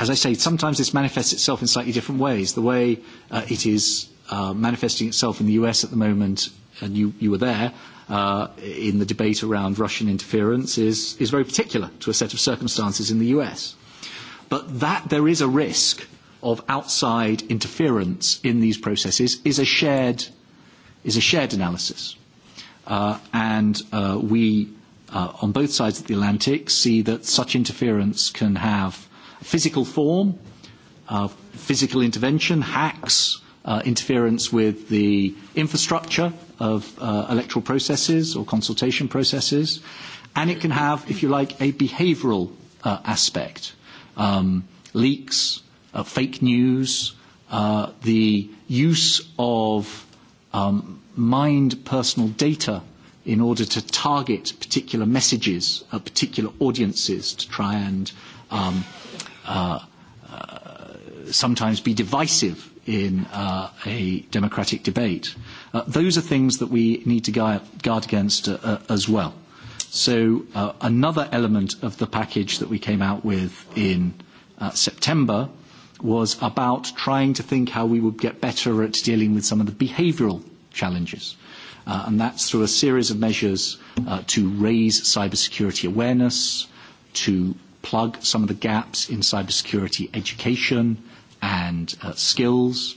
as I say, sometimes this manifests itself in slightly different ways. The way uh, it is uh, manifesting itself in the US at the moment, and you, you were there, uh, in the debate around Russian interference, is, is very particular to a set of circumstances in the US. But that there is a risk of outside interference in these processes is a shared, is a shared analysis. Uh, and uh, we, uh, on both sides of the Atlantic, see that such interference can have physical form, uh, physical intervention, hacks, uh, interference with the infrastructure of uh, electoral processes or consultation processes. And it can have, if you like, a behavioral uh, aspect um, leaks, uh, fake news, uh, the use of um, mind personal data in order to target particular messages at particular audiences to try and. Um, Uh, uh, sometimes be divisive in uh, a democratic debate. Uh, those are things that we need to guard against uh, uh, as well. So uh, another element of the package that we came out with in uh, September was about trying to think how we would get better at dealing with some of the behavioural challenges. Uh, and that's through a series of measures uh, to raise cybersecurity awareness, to plug some of the gaps in cybersecurity education and uh, skills,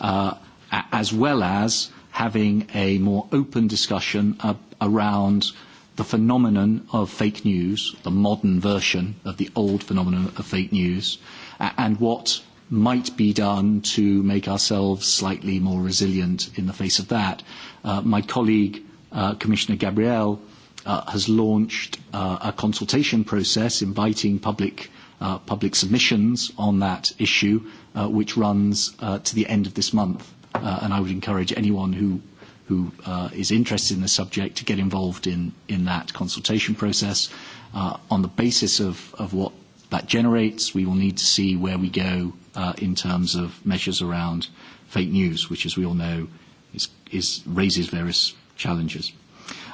uh, as well as having a more open discussion uh, around the phenomenon of fake news, the modern version of the old phenomenon of fake news, uh, and what might be done to make ourselves slightly more resilient in the face of that. Uh, my colleague, uh, Commissioner Gabrielle, uh, Uh, has launched uh, a consultation process inviting public, uh, public submissions on that issue, uh, which runs uh, to the end of this month. Uh, and I would encourage anyone who, who uh, is interested in the subject to get involved in, in that consultation process. Uh, on the basis of, of what that generates, we will need to see where we go uh, in terms of measures around fake news, which, as we all know, is, is, raises various challenges.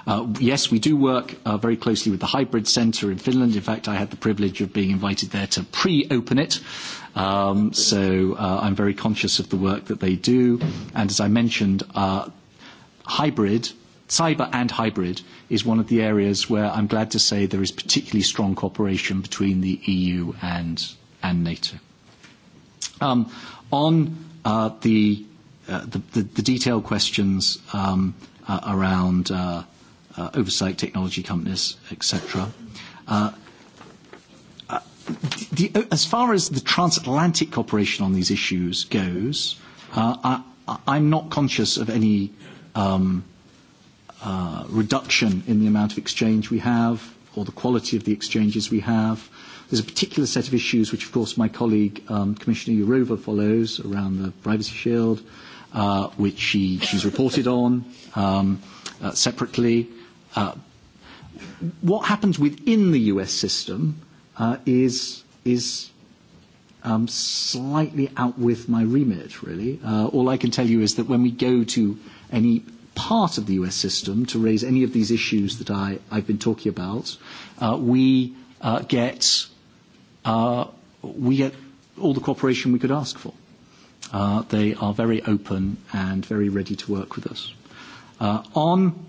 Uh, yes, we do work uh, very closely with the Hybrid Centre in Finland. In fact, I had the privilege of being invited there to pre-open it. Um, so uh, I'm very conscious of the work that they do. And as I mentioned, uh, hybrid, cyber and hybrid is one of the areas where I'm glad to say there is particularly strong cooperation between the EU and, and NATO. Um, on uh, the, uh, the, the, the detailed questions um, uh, around uh, uh, oversight technology companies, etc. Uh, uh, uh, as far as the transatlantic cooperation on these issues goes, uh, I, I'm not conscious of any um, uh, reduction in the amount of exchange we have or the quality of the exchanges we have. There's a particular set of issues which, of course, my colleague, um, Commissioner Yurova, follows around the privacy shield, uh, which she, she's reported on um, uh, separately. Uh, Uh, what happens within the US system uh, is, is um, slightly out with my remit, really. Uh, all I can tell you is that when we go to any part of the US system to raise any of these issues that I, I've been talking about, uh, we, uh, get, uh, we get all the cooperation we could ask for. Uh, they are very open and very ready to work with us. Uh, on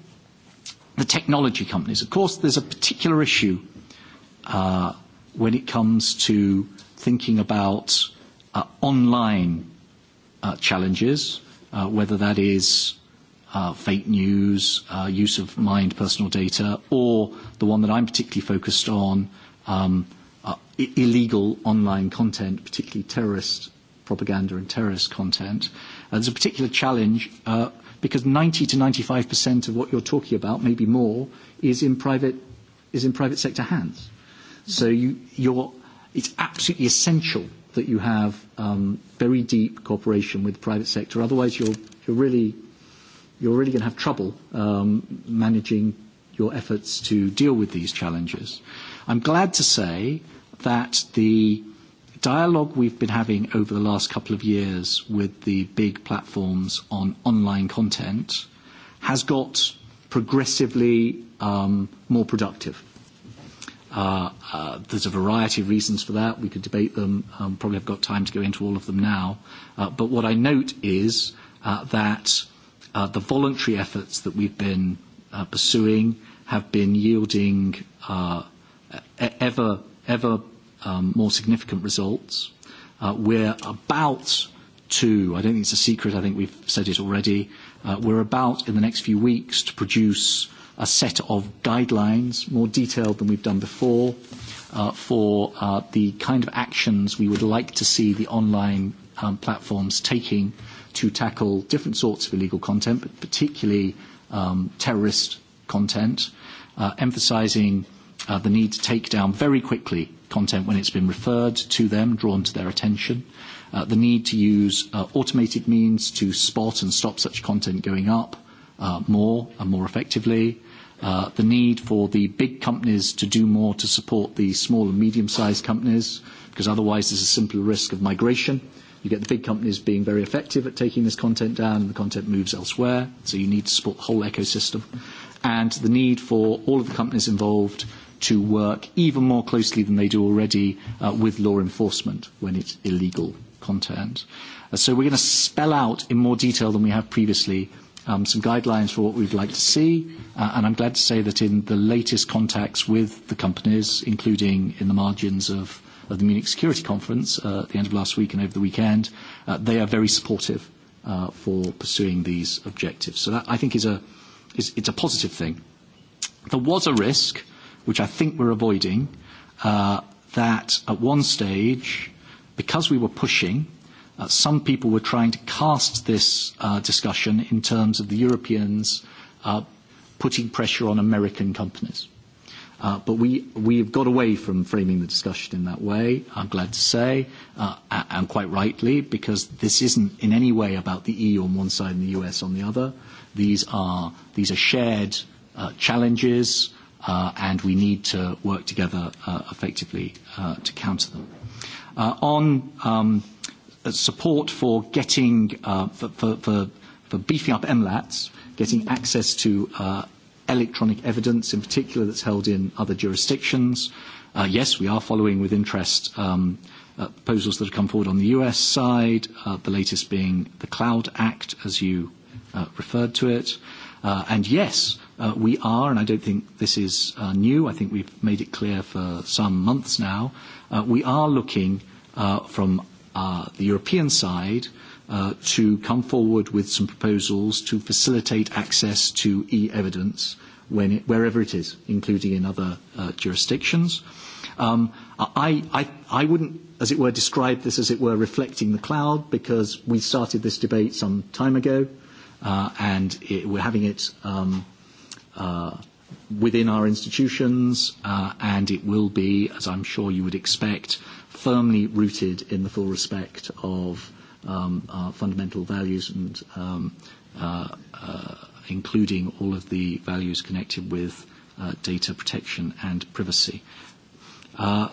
the technology companies. Of course, there's a particular issue uh, when it comes to thinking about uh, online uh, challenges, uh, whether that is uh, fake news, uh, use of mined personal data, or the one that I'm particularly focused on, um, uh, illegal online content, particularly terrorist propaganda and terrorist content. Uh, there's a particular challenge uh, because 90 to 95 percent of what you're talking about, maybe more, is in private, is in private sector hands. So you, you're, it's absolutely essential that you have um, very deep cooperation with the private sector. Otherwise, you're, you're really, you're really going to have trouble um, managing your efforts to deal with these challenges. I'm glad to say that the dialogue we've been having over the last couple of years with the big platforms on online content has got progressively um, more productive. Uh, uh, there's a variety of reasons for that. We could debate them. Um, probably have got time to go into all of them now. Uh, but what I note is uh, that uh, the voluntary efforts that we've been uh, pursuing have been yielding uh, e-, ever, ever Um, more significant results. Uh, we're about to, I don't think it's a secret, I think we've said it already, uh, we're about, in the next few weeks, to produce a set of guidelines, more detailed than we've done before, uh, for the kind of actions we would like to see the online um, platforms taking to tackle different sorts of illegal content, but particularly um, terrorist content, emphasizing the need to take down very quickly content when it's been referred to them, drawn to their attention. Uh, the need to use uh, automated means to spot and stop such content going up uh, more and more effectively. Uh, the need for the big companies to do more to support the small and medium-sized companies, because otherwise there's a simple risk of migration. You get the big companies being very effective at taking this content down, and the content moves elsewhere, so you need to support the whole ecosystem. And the need for all of the companies involved to work even more closely than they do already uh, with law enforcement when it's illegal content. Uh, so we're going to spell out in more detail than we have previously um, some guidelines for what we'd like to see. Uh, and I'm glad to say that in the latest contacts with the companies, including in the margins of, of the Munich Security Conference uh, at the end of last week and over the weekend, uh, they are very supportive uh, for pursuing these objectives. So that, I think, is a, is, it's a positive thing. There was a risk uh, which I think we're avoiding, uh, that at one stage, because we were pushing, uh, some people were trying to cast this uh, discussion in terms of the Europeans uh, putting pressure on American companies. Uh, but we, we have got away from framing the discussion in that way, I'm glad to say, uh, and quite rightly, because this isn't in any way about the EU on one side and the US on the other. These are, these are shared uh, challenges uh, and we need to work together uh, effectively uh, to counter them. Uh, on um, uh, support for getting, uh, for, for, for, for beefing up MLATs, getting access to uh, electronic evidence in particular that's held in other jurisdictions, uh, yes, we are following with interest um, uh, proposals that have come forward on the US side, uh, the latest being the Cloud Act, as you uh, referred to it. Uh, and yes, uh, Uh, we are, and I don't think this is uh, new, I think we've made it clear for some months now, uh, we are looking from the European side to come forward with some proposals to facilitate access to e-evidence wherever it is, including in other jurisdictions. Um, I wouldn't, as it were, describe this as it were reflecting the cloud because we started this debate some time ago, and we're having it um, uh, within our institutions, uh, and it will be, as I'm sure you would expect, firmly rooted in the full respect of um, our fundamental values and um, uh, uh, including all of the values connected with uh, data protection and privacy. Uh,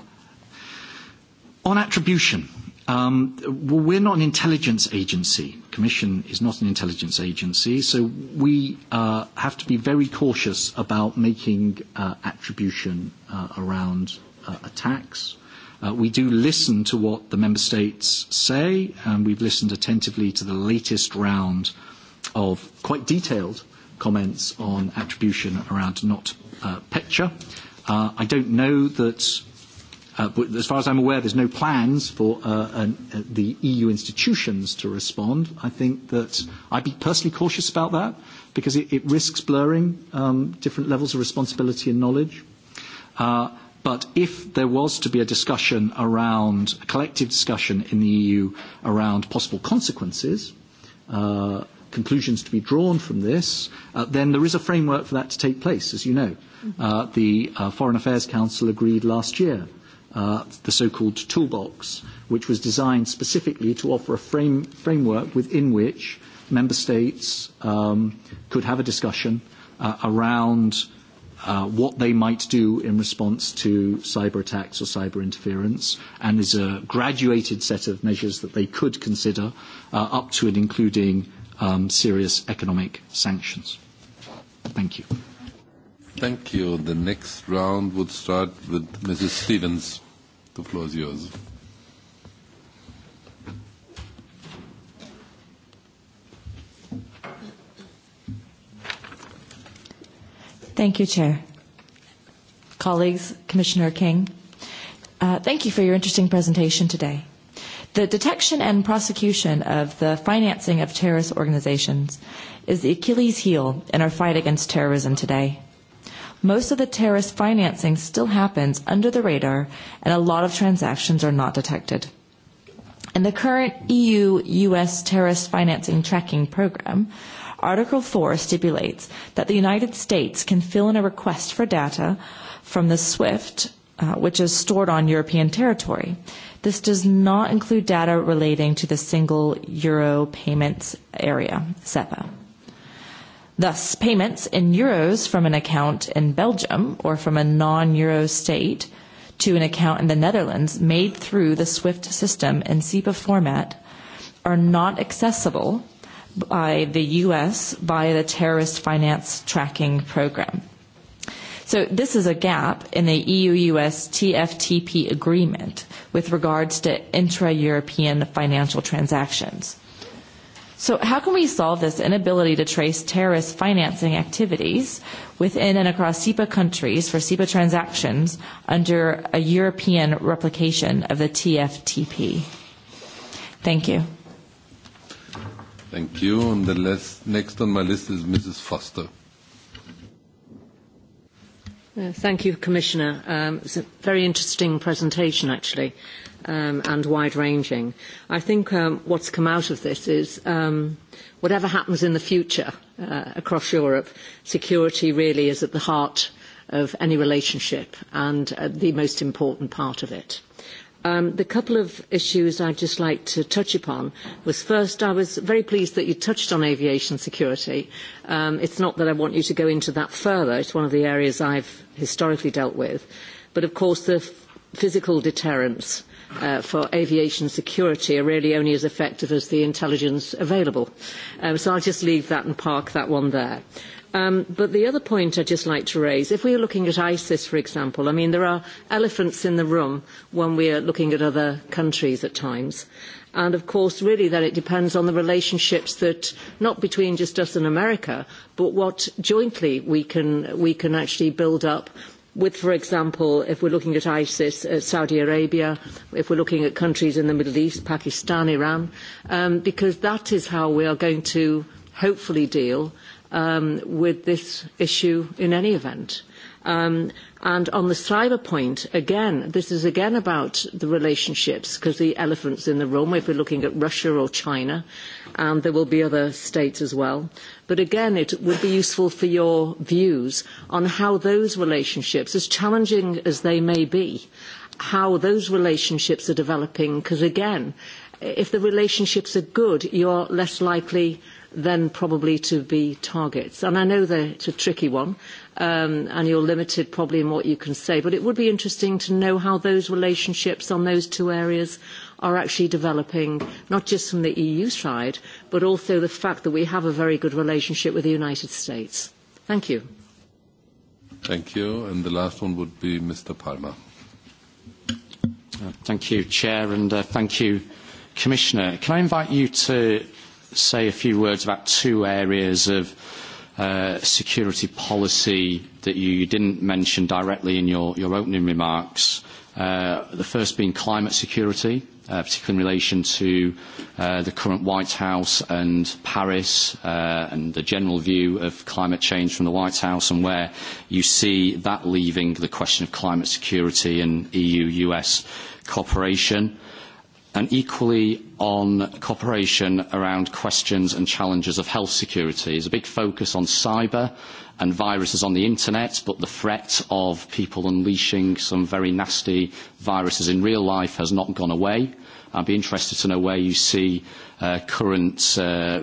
on attribution. Um, well, we're not an intelligence agency. Commission is not an intelligence agency, so we uh, have to be very cautious about making uh, attribution uh, around uh, attacks. Uh, we do listen to what the member states say, and we've listened attentively to the latest round of quite detailed comments on attribution around not uh, Petra. Uh, I don't know that Uh, but as far as I'm aware, there's no plans for uh, an, uh, the EU institutions to respond. I think that I'd be personally cautious about that because it, it risks blurring um, different levels of responsibility and knowledge. Uh, but if there was to be a discussion around, a collective discussion in the EU around possible consequences, uh, conclusions to be drawn from this, uh, then there is a framework for that to take place, as you know. Mm-hmm. Uh, the uh, Foreign Affairs Council agreed last year Uh, the so-called toolbox, which was designed specifically to offer a frame, framework within which member states um, could have a discussion uh, around uh, what they might do in response to cyber attacks or cyber interference, and is a graduated set of measures that they could consider, uh, up to and including um, serious economic sanctions. Thank you. Thank you. The next round would start with Mrs. Stevens. The floor is yours. Thank you, Chair. Colleagues, Commissioner King, uh, thank you for your interesting presentation today. The detection and prosecution of the financing of terrorist organizations is the Achilles heel in our fight against terrorism today most of the terrorist financing still happens under the radar, and a lot of transactions are not detected. In the current EU US terrorist financing tracking program, Article 4 stipulates that the United States can fill in a request for data from the SWIFT, uh, which is stored on European territory. This does not include data relating to the single euro payments area, SEPA. Thus, payments in euros from an account in Belgium or from a non euro state to an account in the Netherlands made through the SWIFT system in SEPA format are not accessible by the US via the terrorist finance tracking program. So, this is a gap in the EU US TFTP agreement with regards to intra European financial transactions. So, how can we solve this inability to trace terrorist financing activities within and across SEPA countries for SEPA transactions under a European replication of the TFTP? Thank you. Thank you. And the last, next on my list is Mrs. Foster. Uh, thank you, Commissioner. Um, it's a very interesting presentation, actually um, and wide ranging. I think um, what's come out of this is um, whatever happens in the future uh, across Europe, security really is at the heart of any relationship and uh, the most important part of it. Um, the couple of issues I'd just like to touch upon was first, I was very pleased that you touched on aviation security. Um, it's not that I want you to go into that further, it's one of the areas I've historically dealt with. But of course, the f- physical deterrence uh, for aviation security are really only as effective as the intelligence available. Um, so I'll just leave that and park that one there. Um, but the other point I'd just like to raise, if we are looking at ISIS, for example, I mean, there are elephants in the room when we are looking at other countries at times. And of course, really, then it depends on the relationships that, not between just us and America, but what jointly we can, we can actually build up with, for example, if we're looking at ISIS, at uh, Saudi Arabia, if we're looking at countries in the Middle East, Pakistan, Iran, um, because that is how we are going to hopefully deal um, with this issue in any event. Um, and on the cyber point, again, this is again about the relationships, because the elephant's in the room if we're looking at Russia or China, and there will be other states as well. But again, it would be useful for your views on how those relationships, as challenging as they may be, how those relationships are developing, because again, if the relationships are good, you're less likely than probably to be targets. And I know that's a tricky one, um, and you're limited probably in what you can say, but it would be interesting to know how those relationships on those two areas are actually developing, not just from the EU side, but also the fact that we have a very good relationship with the United States. Thank you. Thank you. And the last one would be Mr. Palmer. Uh, thank you, Chair, and uh, thank you, Commissioner. Can I invite you to say a few words about two areas of uh, security policy that you, you didn't mention directly in your, your opening remarks. Uh, the first being climate security, uh, particularly in relation to uh, the current White House and Paris uh, and the general view of climate change from the White House and where you see that leaving the question of climate security and EU-US cooperation. Uh, and equally on cooperation around questions and challenges of health security. There's a big focus on cyber and viruses on the internet, but the threat of people unleashing some very nasty viruses in real life has not gone away. I'd be interested to know where you see uh, current uh,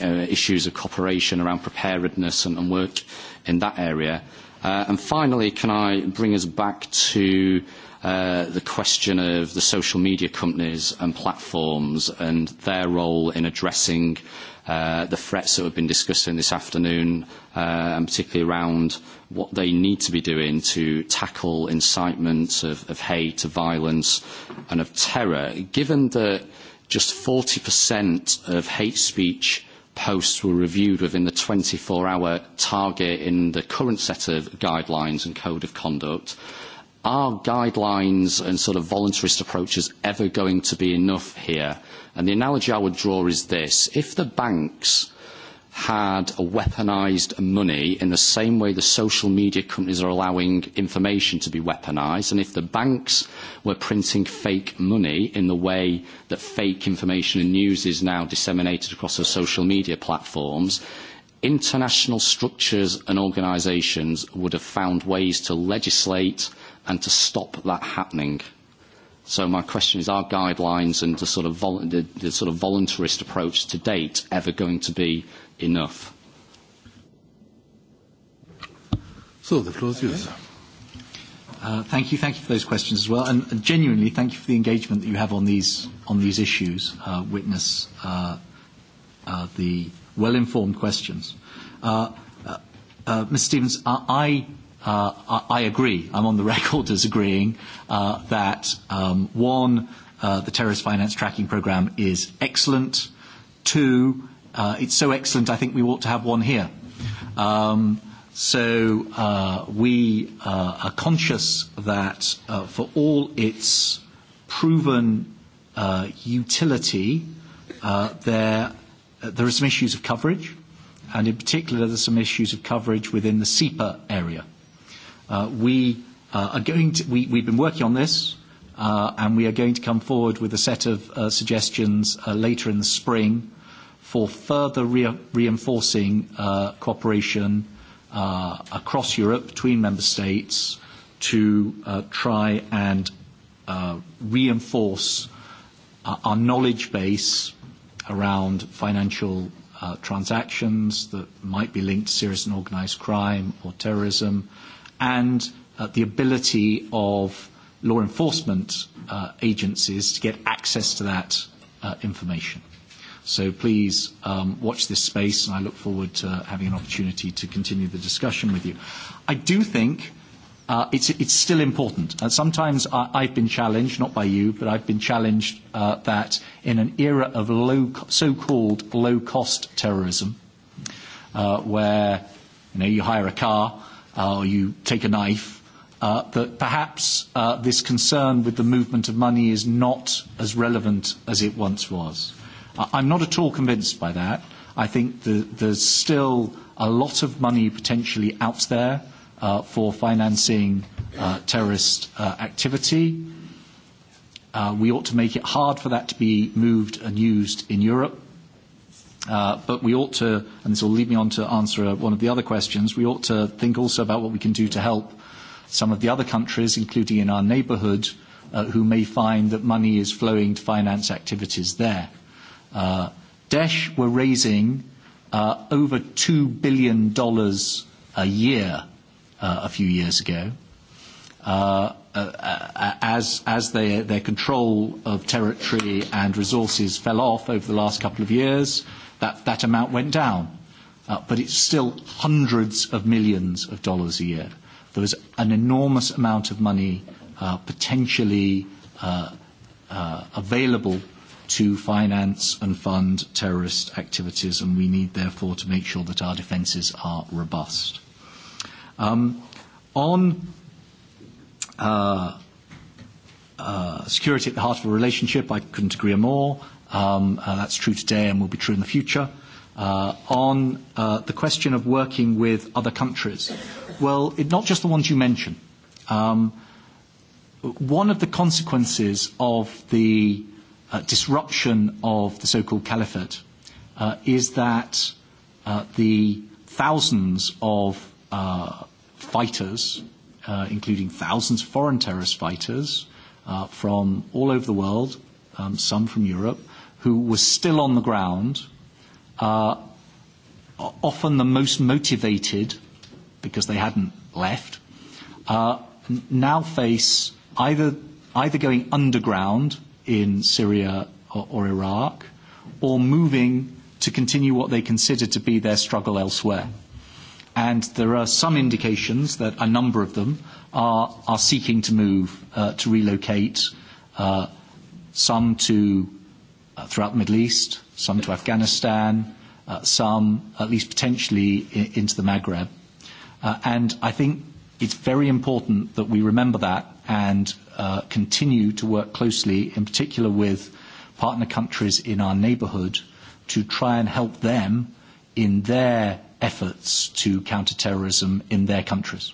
uh, issues of cooperation around preparedness and work in that area. And finally, can I bring us back to Uh, the question of the social media companies and platforms and their role in addressing uh, the threats that have been discussed in this afternoon, uh, and particularly around what they need to be doing to tackle incitement of hate, of violence, and of terror. Given that just 40% of hate speech posts were reviewed within the 24-hour target in the current set of guidelines and code of conduct, are guidelines and sort of voluntarist approaches ever going to be enough here? And the analogy I would draw is this. If the banks had a weaponized money in the same way the social media companies are allowing information to be weaponized, and if the banks were printing fake money in the way that fake information and news is now disseminated across the social media platforms, international structures and organizations would have found ways to legislate – and to stop that happening. So my question is, are guidelines and the sort of, vol- the, the sort of voluntarist approach to date ever going to be enough? So the floor is yours. Uh, thank you. Thank you for those questions as well. And, and genuinely, thank you for the engagement that you have on these, on these issues. Uh, witness uh, uh, the well informed questions. Uh, uh, uh, Mr. Stevens, I, I uh, I, I agree. I'm on the record as agreeing uh, that um, one, uh, the terrorist finance tracking program is excellent. Two, uh, it's so excellent. I think we ought to have one here. Um, so uh, we uh, are conscious that uh, for all its proven uh, utility, uh, there uh, there are some issues of coverage. And in particular, there's some issues of coverage within the SEPA area. Uh, we uh, are going to, we, we've been working on this, uh, and we are going to come forward with a set of uh, suggestions uh, later in the spring for further re- reinforcing uh, cooperation uh, across Europe between member states to uh, try and uh, reinforce uh, our knowledge base around financial uh, transactions that might be linked to serious and organized crime or terrorism and uh, the ability of law enforcement uh, agencies to get access to that uh, information. So please um, watch this space, and I look forward to having an opportunity to continue the discussion with you. I do think uh, it's, it's still important. And sometimes I, I've been challenged, not by you, but I've been challenged uh, that in an era of low, so-called low-cost terrorism, uh, where you, know, you hire a car, or uh, you take a knife, uh, that perhaps uh, this concern with the movement of money is not as relevant as it once was. I'm not at all convinced by that. I think the, there's still a lot of money potentially out there uh, for financing uh, terrorist uh, activity. Uh, we ought to make it hard for that to be moved and used in Europe. Uh, but we ought to, and this will lead me on to answer uh, one of the other questions, we ought to think also about what we can do to help some of the other countries, including in our neighborhood, uh, who may find that money is flowing to finance activities there. Uh, Desh were raising uh, over $2 billion a year uh, a few years ago. Uh, uh, as as they, their control of territory and resources fell off over the last couple of years, uh, that amount went down. Uh, but it's still hundreds of millions of dollars a year. There is an enormous amount of money uh, potentially uh, available to finance and fund terrorist activities, and we need, therefore, to make sure that our defenses are robust. Um, on security at the heart of a relationship, I couldn't agree more. Um, uh, that's true today and will be true in the future. Uh, on uh, the question of working with other countries, well, it, not just the ones you mentioned. Um, one of the consequences of the uh, disruption of the so-called caliphate uh, is that uh, the thousands of uh, fighters, uh, including thousands of foreign terrorist fighters uh, from all over the world, um, some from Europe, uh, who was still on the ground, uh, often the most motivated because they hadn't left, uh, now face either, either going underground in Syria or, or Iraq or moving to continue what they consider to be their struggle elsewhere. And there are some indications that a number of them are, are seeking to move, uh, to relocate, uh, some to uh, throughout the Middle East, some to Afghanistan, uh, some at least potentially I- into the Maghreb. Uh, and I think it's very important that we remember that and uh, continue to work closely, in particular with partner countries in our neighborhood, to try and help them in their efforts to counter terrorism in their countries.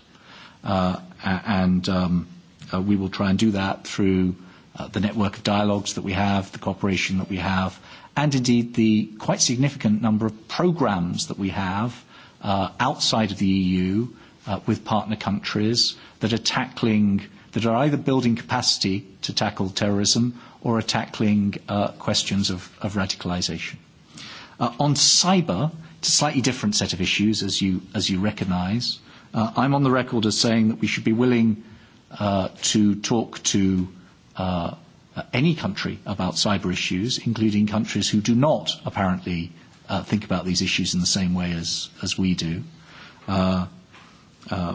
Uh, and um, uh, we will try and do that through. Uh, the network of dialogues that we have, the cooperation that we have, and indeed the quite significant number of programs that we have uh, outside of the EU uh, with partner countries that are tackling, that are either building capacity to tackle terrorism or are tackling uh, questions of, of radicalization. Uh, on cyber, it's a slightly different set of issues, as you, as you recognize. Uh, I'm on the record as saying that we should be willing uh, to talk to uh, Uh, uh, any country about cyber issues, including countries who do not apparently uh, think about these issues in the same way as, as we do. Uh, uh,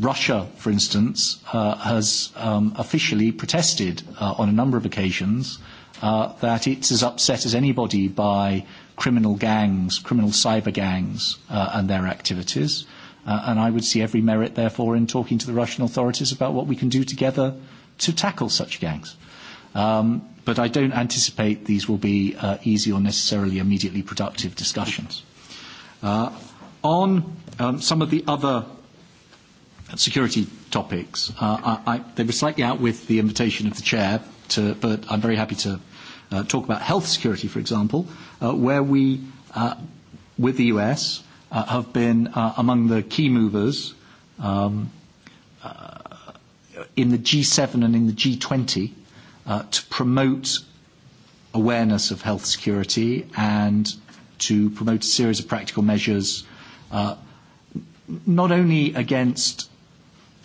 Russia, for instance, uh, has um, officially protested uh, on a number of occasions uh, that it's as upset as anybody by criminal gangs, criminal cyber gangs, uh, and their activities. Uh, and I would see every merit, therefore, in talking to the Russian authorities about what we can do together uh, to tackle such gangs. Um, but I don't anticipate these will be uh, easy or necessarily immediately productive discussions. Uh, on um, some of the other security topics, uh, I, I, they were slightly out with the invitation of the chair, to, but I'm very happy to uh, talk about health security, for example, uh, where we, uh, with the US, uh, have been uh, among the key movers. Um, uh, in the G7 and in the G20 uh, to promote awareness of health security and to promote a series of practical measures, uh, not only against,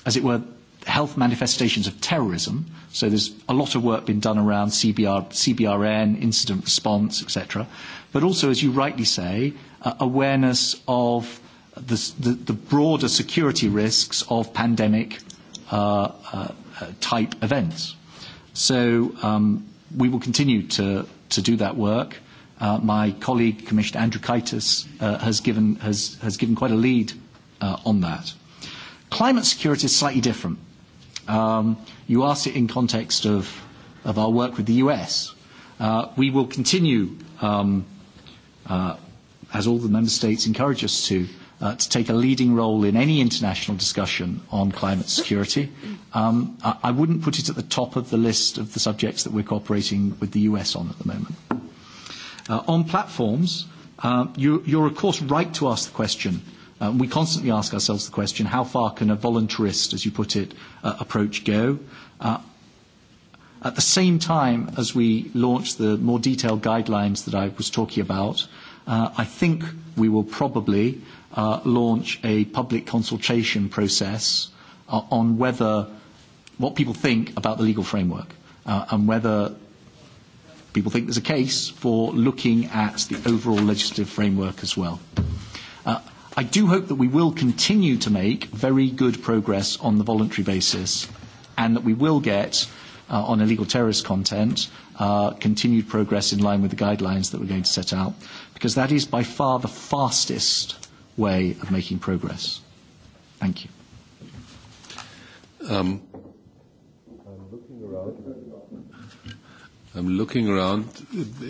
as it were, health manifestations of terrorism. So there's a lot of work being done around CBR, CBRN, incident response, etc. But also, as you rightly say, uh, awareness of the, the, the broader security risks of pandemic Uh, uh, uh, type events. So um, we will continue to, to do that work. Uh, my colleague, Commissioner Andrew Kaitis, uh, has, given, has, has given quite a lead uh, on that. Climate security is slightly different. Um, you asked it in context of, of our work with the US. Uh, we will continue, um, uh, as all the member states encourage us to, uh, to take a leading role in any international discussion on climate security. Um, I, I wouldn't put it at the top of the list of the subjects that we're cooperating with the US on at the moment. Uh, on platforms, uh, you, you're of course right to ask the question. Uh, we constantly ask ourselves the question how far can a voluntarist, as you put it, uh, approach go? Uh, at the same time as we launch the more detailed guidelines that I was talking about, uh, I think we will probably Uh, launch a public consultation process uh, on whether what people think about the legal framework uh, and whether people think there's a case for looking at the overall legislative framework as well. Uh, I do hope that we will continue to make very good progress on the voluntary basis and that we will get uh, on illegal terrorist content uh, continued progress in line with the guidelines that we're going to set out because that is by far the fastest way of making progress? Thank you. I'm um, looking around. I'm looking around.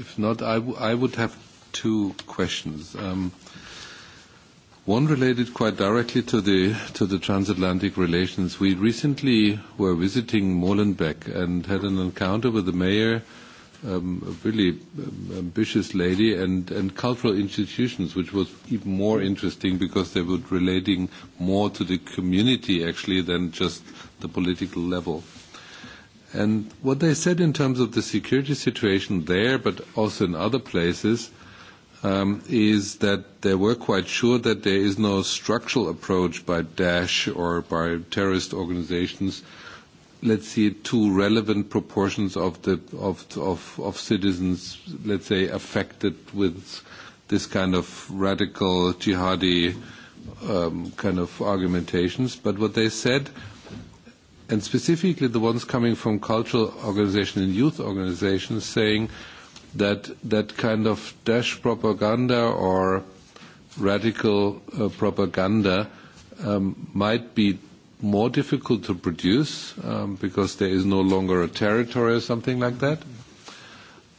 If not, I would have two questions. Um, one related quite directly to the transatlantic relations. We recently were visiting Molenbeek and had an encounter with the mayor, um, really um, ambitious lady and, and cultural institutions, which was even more interesting because they were relating more to the community actually than just the political level. And what they said in terms of the security situation there, but also in other places, um, is that they were quite sure that there is no structural approach by Daesh or by terrorist organizations uh, let's say, two relevant proportions of the of of of citizens, let's say, affected with this kind of radical jihadi um, kind of argumentations. But what they said, and specifically the ones coming from cultural organizations and youth organizations, saying that that kind of dash propaganda or radical uh, propaganda um, might be more difficult to produce um, because there is no longer a territory or something like that.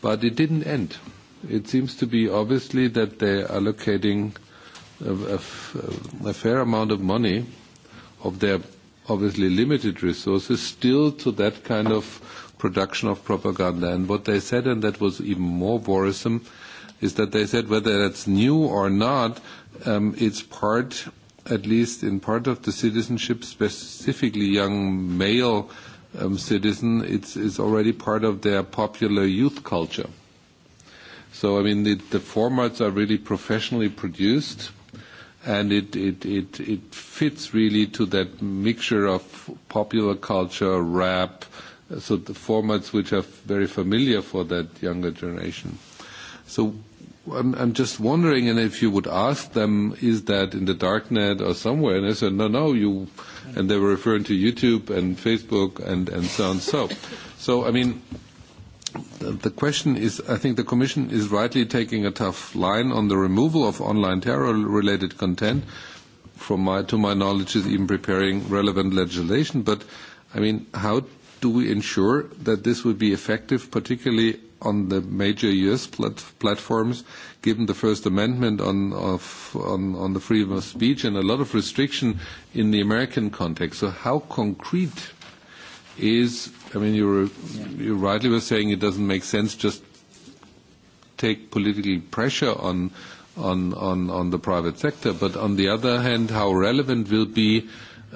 But it didn't end. It seems to be obviously that they're allocating a, a, a fair amount of money of their obviously limited resources still to that kind of production of propaganda. And what they said, and that was even more worrisome, is that they said whether that's new or not, um, it's part at least in part of the citizenship, specifically young male um, citizen, it's, it's already part of their popular youth culture. So, I mean, the, the formats are really professionally produced, and it, it, it, it fits really to that mixture of popular culture, rap, so the formats which are very familiar for that younger generation. So I'm, I'm just wondering, and if you would ask them, is that in the dark net or somewhere? And they said, no, no, you, and they were referring to YouTube and Facebook and, and so on. So, so I mean, the, the question is, I think the Commission is rightly taking a tough line on the removal of online terror-related content. From my, to my knowledge, is even preparing relevant legislation. But, I mean, how do we ensure that this would be effective, particularly on the major U.S. platforms, given the First Amendment on the freedom of speech and a lot of restriction in the American context. How concrete is I mean, you rightly were saying it doesn't make sense just take political pressure on the private sector. On the other hand, how relevant will be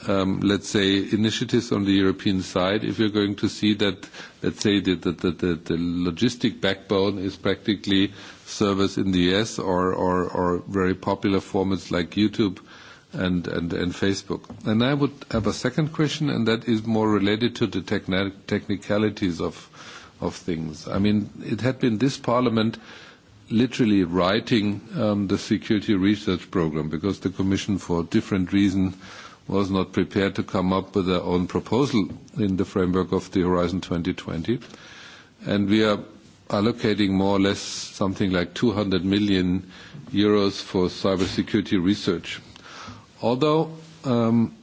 Um, let's say, initiatives on the European side, if you're going to see that, let's say, the logistic backbone is practically service in the U.S. or very popular formats like YouTube and Facebook. I would have a second question, and that is more related to the technicalities of things. I mean, it had been this parliament literally writing um, the security research program because the Commission, for different reasons, was not prepared to come up with their own proposal in the framework of the Horizon 2020. And we are allocating more or less something like 200 million euros for cybersecurity research. Although um,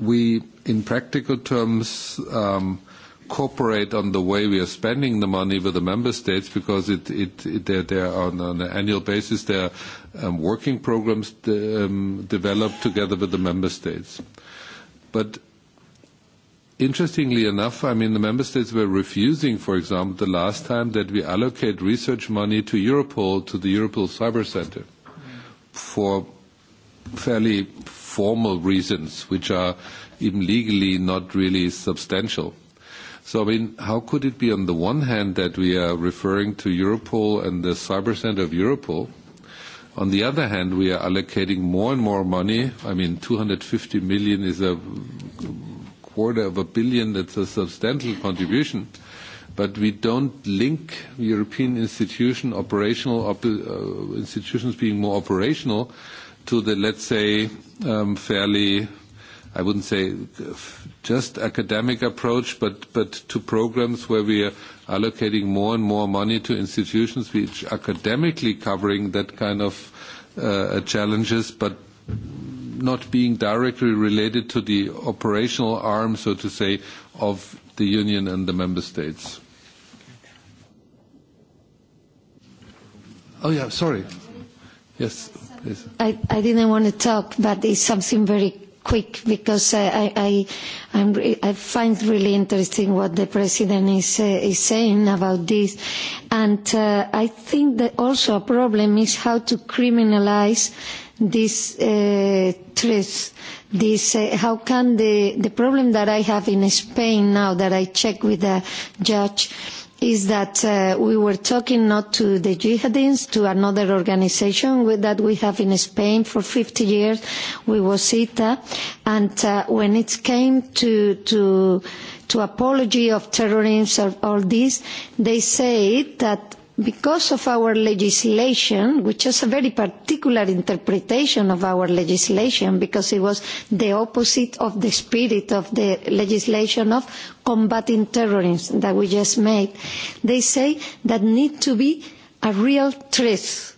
we, in practical terms, um, cooperate on the way we are spending the money with the member states because it, it, it they're, they're on, on an annual basis there are um, working programs de- um, developed together with the member states but interestingly enough i mean the member states were refusing for example the last time that we allocate research money to europol to the europol cyber center for fairly formal reasons which are even legally not really substantial So, I mean, how could it be on the one hand that we are referring to Europol and the cyber center of Europol? On the other hand, we are allocating more and more money. I mean, 250 million is a quarter of a billion. That's a substantial contribution. But we don't link European institution operational op- uh, institutions being more operational to the, let's say, um, fairly I wouldn't say just academic approach, but to programs where we are allocating more and more money to institutions which academically covering that kind of uh, challenges, but not being directly related to the operational arm, so to say, of the union and the member states. Oh, yeah, sorry. Yes, please. I didn't want to talk, but it's something very quick because I I, I'm re- I find really interesting what the president is uh, is saying about this, and uh, I think that also a problem is how to criminalize this uh, truth. This uh, how can the the problem that I have in Spain now that I check with the judge is that uh, we were talking not to the jihadists, to another organization with, that we have in Spain for 50 years, we was CETA, and uh, when it came to to to apology of terrorism or all this, they say that because of our legislation, which is a very particular interpretation of our legislation, because it was the opposite of the spirit of the legislation of combating terrorism that we just made, they say that need to be a real truth.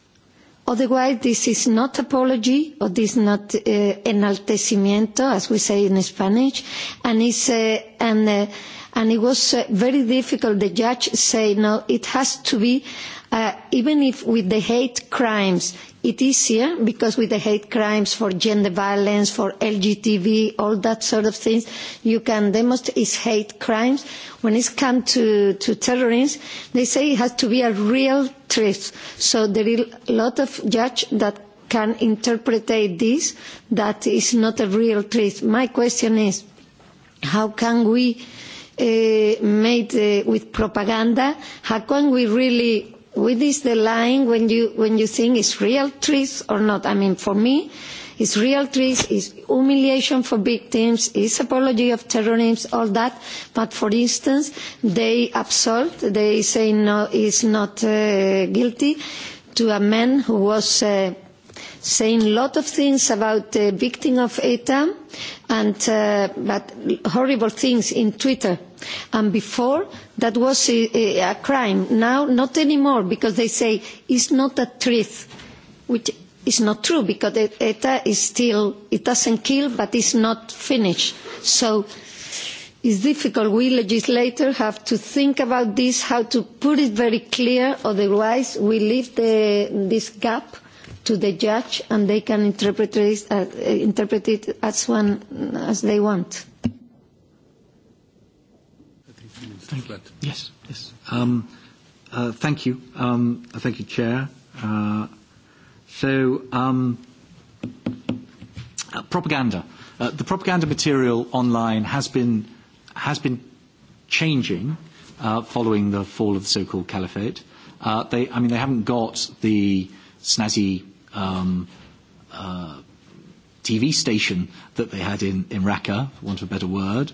Otherwise, this is not apology, or this is not uh, enaltecimiento, as we say in Spanish, and it's uh, eh, an... Uh, eh, and it was uh, very difficult. The judge said, no, it has to be, uh, even if with the hate crimes, it is easier because with the hate crimes for gender violence, for LGTB, all that sort of things, you can demonstrate it's hate crimes. When it comes to, to terrorists, they say it has to be a real truth. So there is a lot of judge that can interpret this that is not a real truth. My question is, how can we Uh, made uh, with propaganda. How can we really, what is the line when you, when you think it's real truth or not? I mean, for me, it's real truth, it's humiliation for victims, it's apology of terrorism, all that. But for instance, they absolved, they say no, he's not uh, guilty to a man who was uh, saying a lot of things about the victim of ETA, and, uh, but horrible things in Twitter. And before, that was a, a crime. Now, not anymore, because they say it's not a truth, which is not true, because ETA is still, it doesn't kill, but it's not finished. So it's difficult. We legislators have to think about this, how to put it very clear, otherwise we leave the, this gap to the judge and they can interpret it as, uh, interpret it as one as they want. Thank you. Yes, yes. Um, uh, thank you. Um, thank you, Chair. Uh, so, um, uh, propaganda. Uh, the propaganda material online has been, has been changing uh, following the fall of the so-called caliphate. Uh, they, I mean, they haven't got the snazzy um, uh, TV station that they had in, in Raqqa, for want of a better word,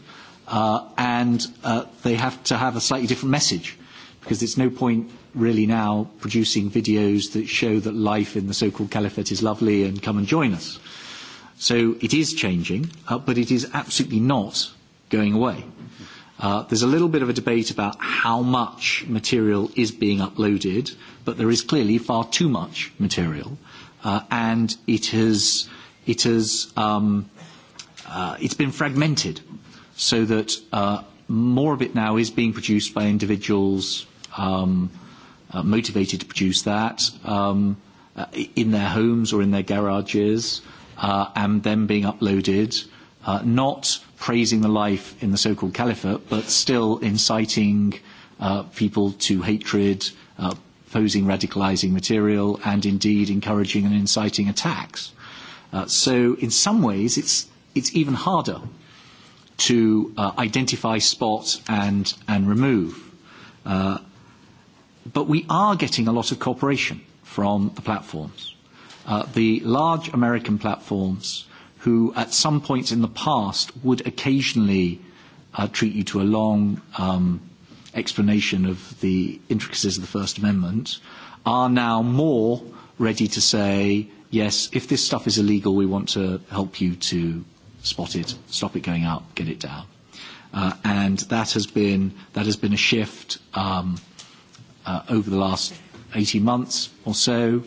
uh, and uh, they have to have a slightly different message because there's no point really now producing videos that show that life in the so-called caliphate is lovely and come and join us. So it is changing, uh, but it is absolutely not going away. Uh, there's a little bit of a debate about how much material is being uploaded, but there is clearly far too much material uh, and it has, it has um, uh, it's been fragmented so that uh, more of it now is being produced by individuals um, uh, motivated to produce that um, uh, in their homes or in their garages uh, and then being uploaded, uh, not praising the life in the so-called caliphate, but still inciting uh, people to hatred, uh, posing radicalizing material and indeed encouraging and inciting attacks. Uh, so in some ways, it's, it's even harder to uh, identify, spot, and, and remove. Uh, but we are getting a lot of cooperation from the platforms. Uh, the large American platforms who at some points in the past would occasionally uh, treat you to a long um, explanation of the intricacies of the First Amendment, are now more ready to say, yes, if this stuff is illegal, we want to help you to spot it, stop it going out, get it down. Uh, and that has, been, that has been a shift um, uh, over the last 18 months or so.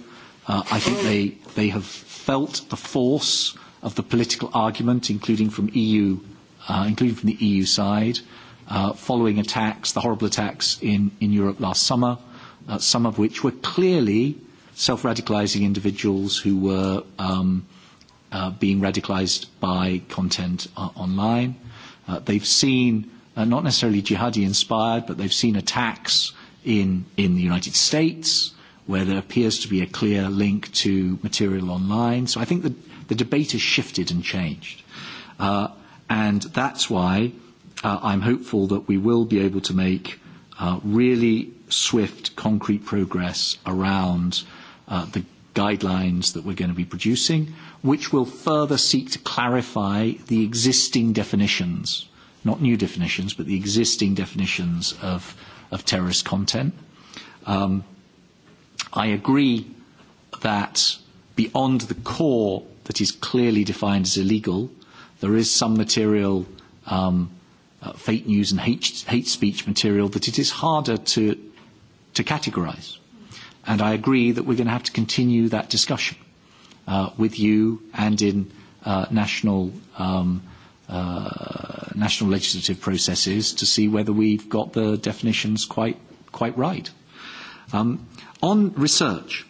Uh, I think they, they have felt the force of the political argument, including from, EU, uh, including from the EU side. Uh, uh, following attacks, the horrible attacks in, in Europe last summer, uh, some of which were clearly self radicalizing individuals who were um, uh, being radicalized by content uh, online. Uh, they've seen, uh, not necessarily jihadi inspired, but they've seen attacks in, in the United States where there appears to be a clear link to material online. So I think the, the debate has shifted and changed. Uh, and that's why. Uh, I'm hopeful that we will be able to make uh, really swift, concrete progress around uh, the guidelines that we're gonna be producing, which will further seek to clarify the existing definitions. Not new definitions, but the existing definitions of terrorist content. Um, I agree that beyond the core that is clearly defined as illegal, there is some material um, uh, fake news and hate, hate speech material that it is harder to, to categorise. And I agree that we're going to have to continue that discussion uh, with you and in uh, national, um, uh, national legislative processes to see whether we've got the definitions quite, quite right. Um, on research,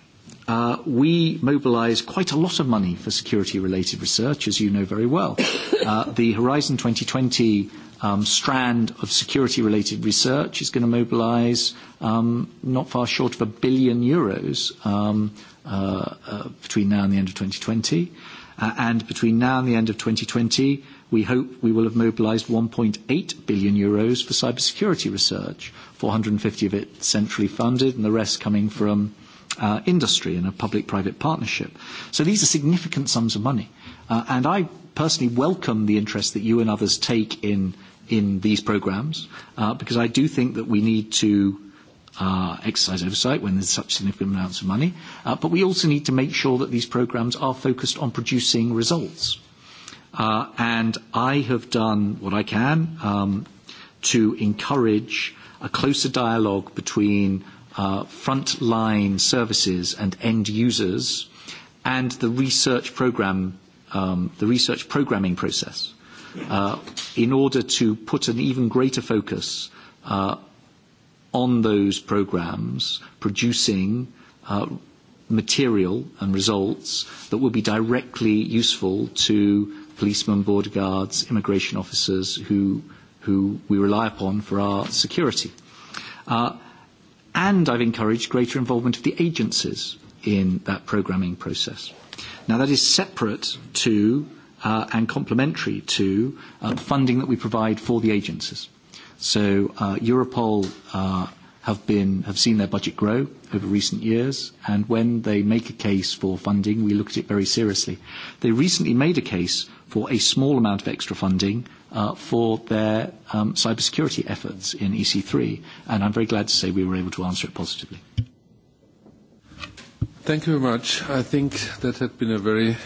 uh, we mobilise quite a lot of money for security related research, as you know very well. Uh, the Horizon 2020 um, strand of security related research is going to mobilize um, not far short of a billion euros um, uh, uh, between now and the end of 2020. Uh, and between now and the end of 2020, we hope we will have mobilized 1.8 billion euros for cybersecurity research, 450 of it centrally funded, and the rest coming from uh, industry and a public private partnership. So these are significant sums of money. Uh, and I personally welcome the interest that you and others take in in these programs uh, because I do think that we need to uh, exercise oversight when there's such significant amounts of money. Uh, but we also need to make sure that these programs are focused on producing results. Uh, and I have done what I can um, to encourage a closer dialogue between uh, frontline services and end users and the research program, um, the research programming process. Uh, Uh, in order to put an even greater focus uh, on those programs producing uh, material and results that will be directly useful to policemen, border guards, immigration officers who, who we rely upon for our security. Uh, and I've encouraged greater involvement of the agencies in that programming process. Now, that is separate to uh, and complementary to uh, the funding that we provide for the agencies. So uh, Europol uh, have, been, have seen their budget grow over recent years, and when they make a case for funding, we look at it very seriously. They recently made a case for a small amount of extra funding uh, for their um, cybersecurity efforts in EC3, and I'm very glad to say we were able to answer it positively. Thank you very much. I think that had been a very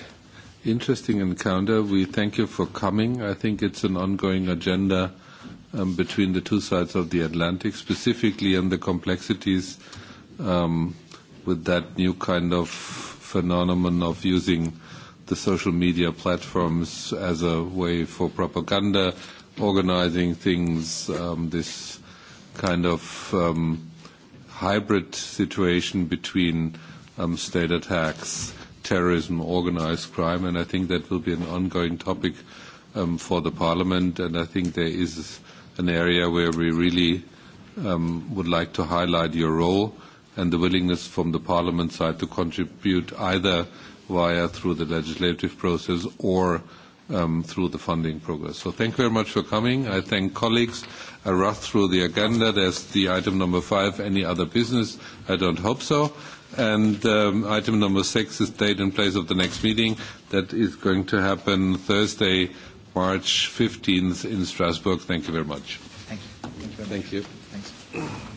interesting encounter. We thank you for coming. I think it's an ongoing agenda um, between the two sides of the Atlantic, specifically on the complexities um, with that new kind of phenomenon of using the social media platforms as a way for propaganda, organizing things, um, this kind of um, hybrid situation between um, state attacks terrorism, organized crime, and I think that will be an ongoing topic um, for the Parliament. And I think there is an area where we really um, would like to highlight your role and the willingness from the Parliament side to contribute either via through the legislative process or um, through the funding progress. So thank you very much for coming. I thank colleagues. I rush through the agenda. There's the item number five. Any other business? I don't hope so. And um, item number six is date and place of the next meeting that is going to happen Thursday, March 15th in Strasbourg. Thank you very much. Thank you. Thank you. Thank you. Thanks.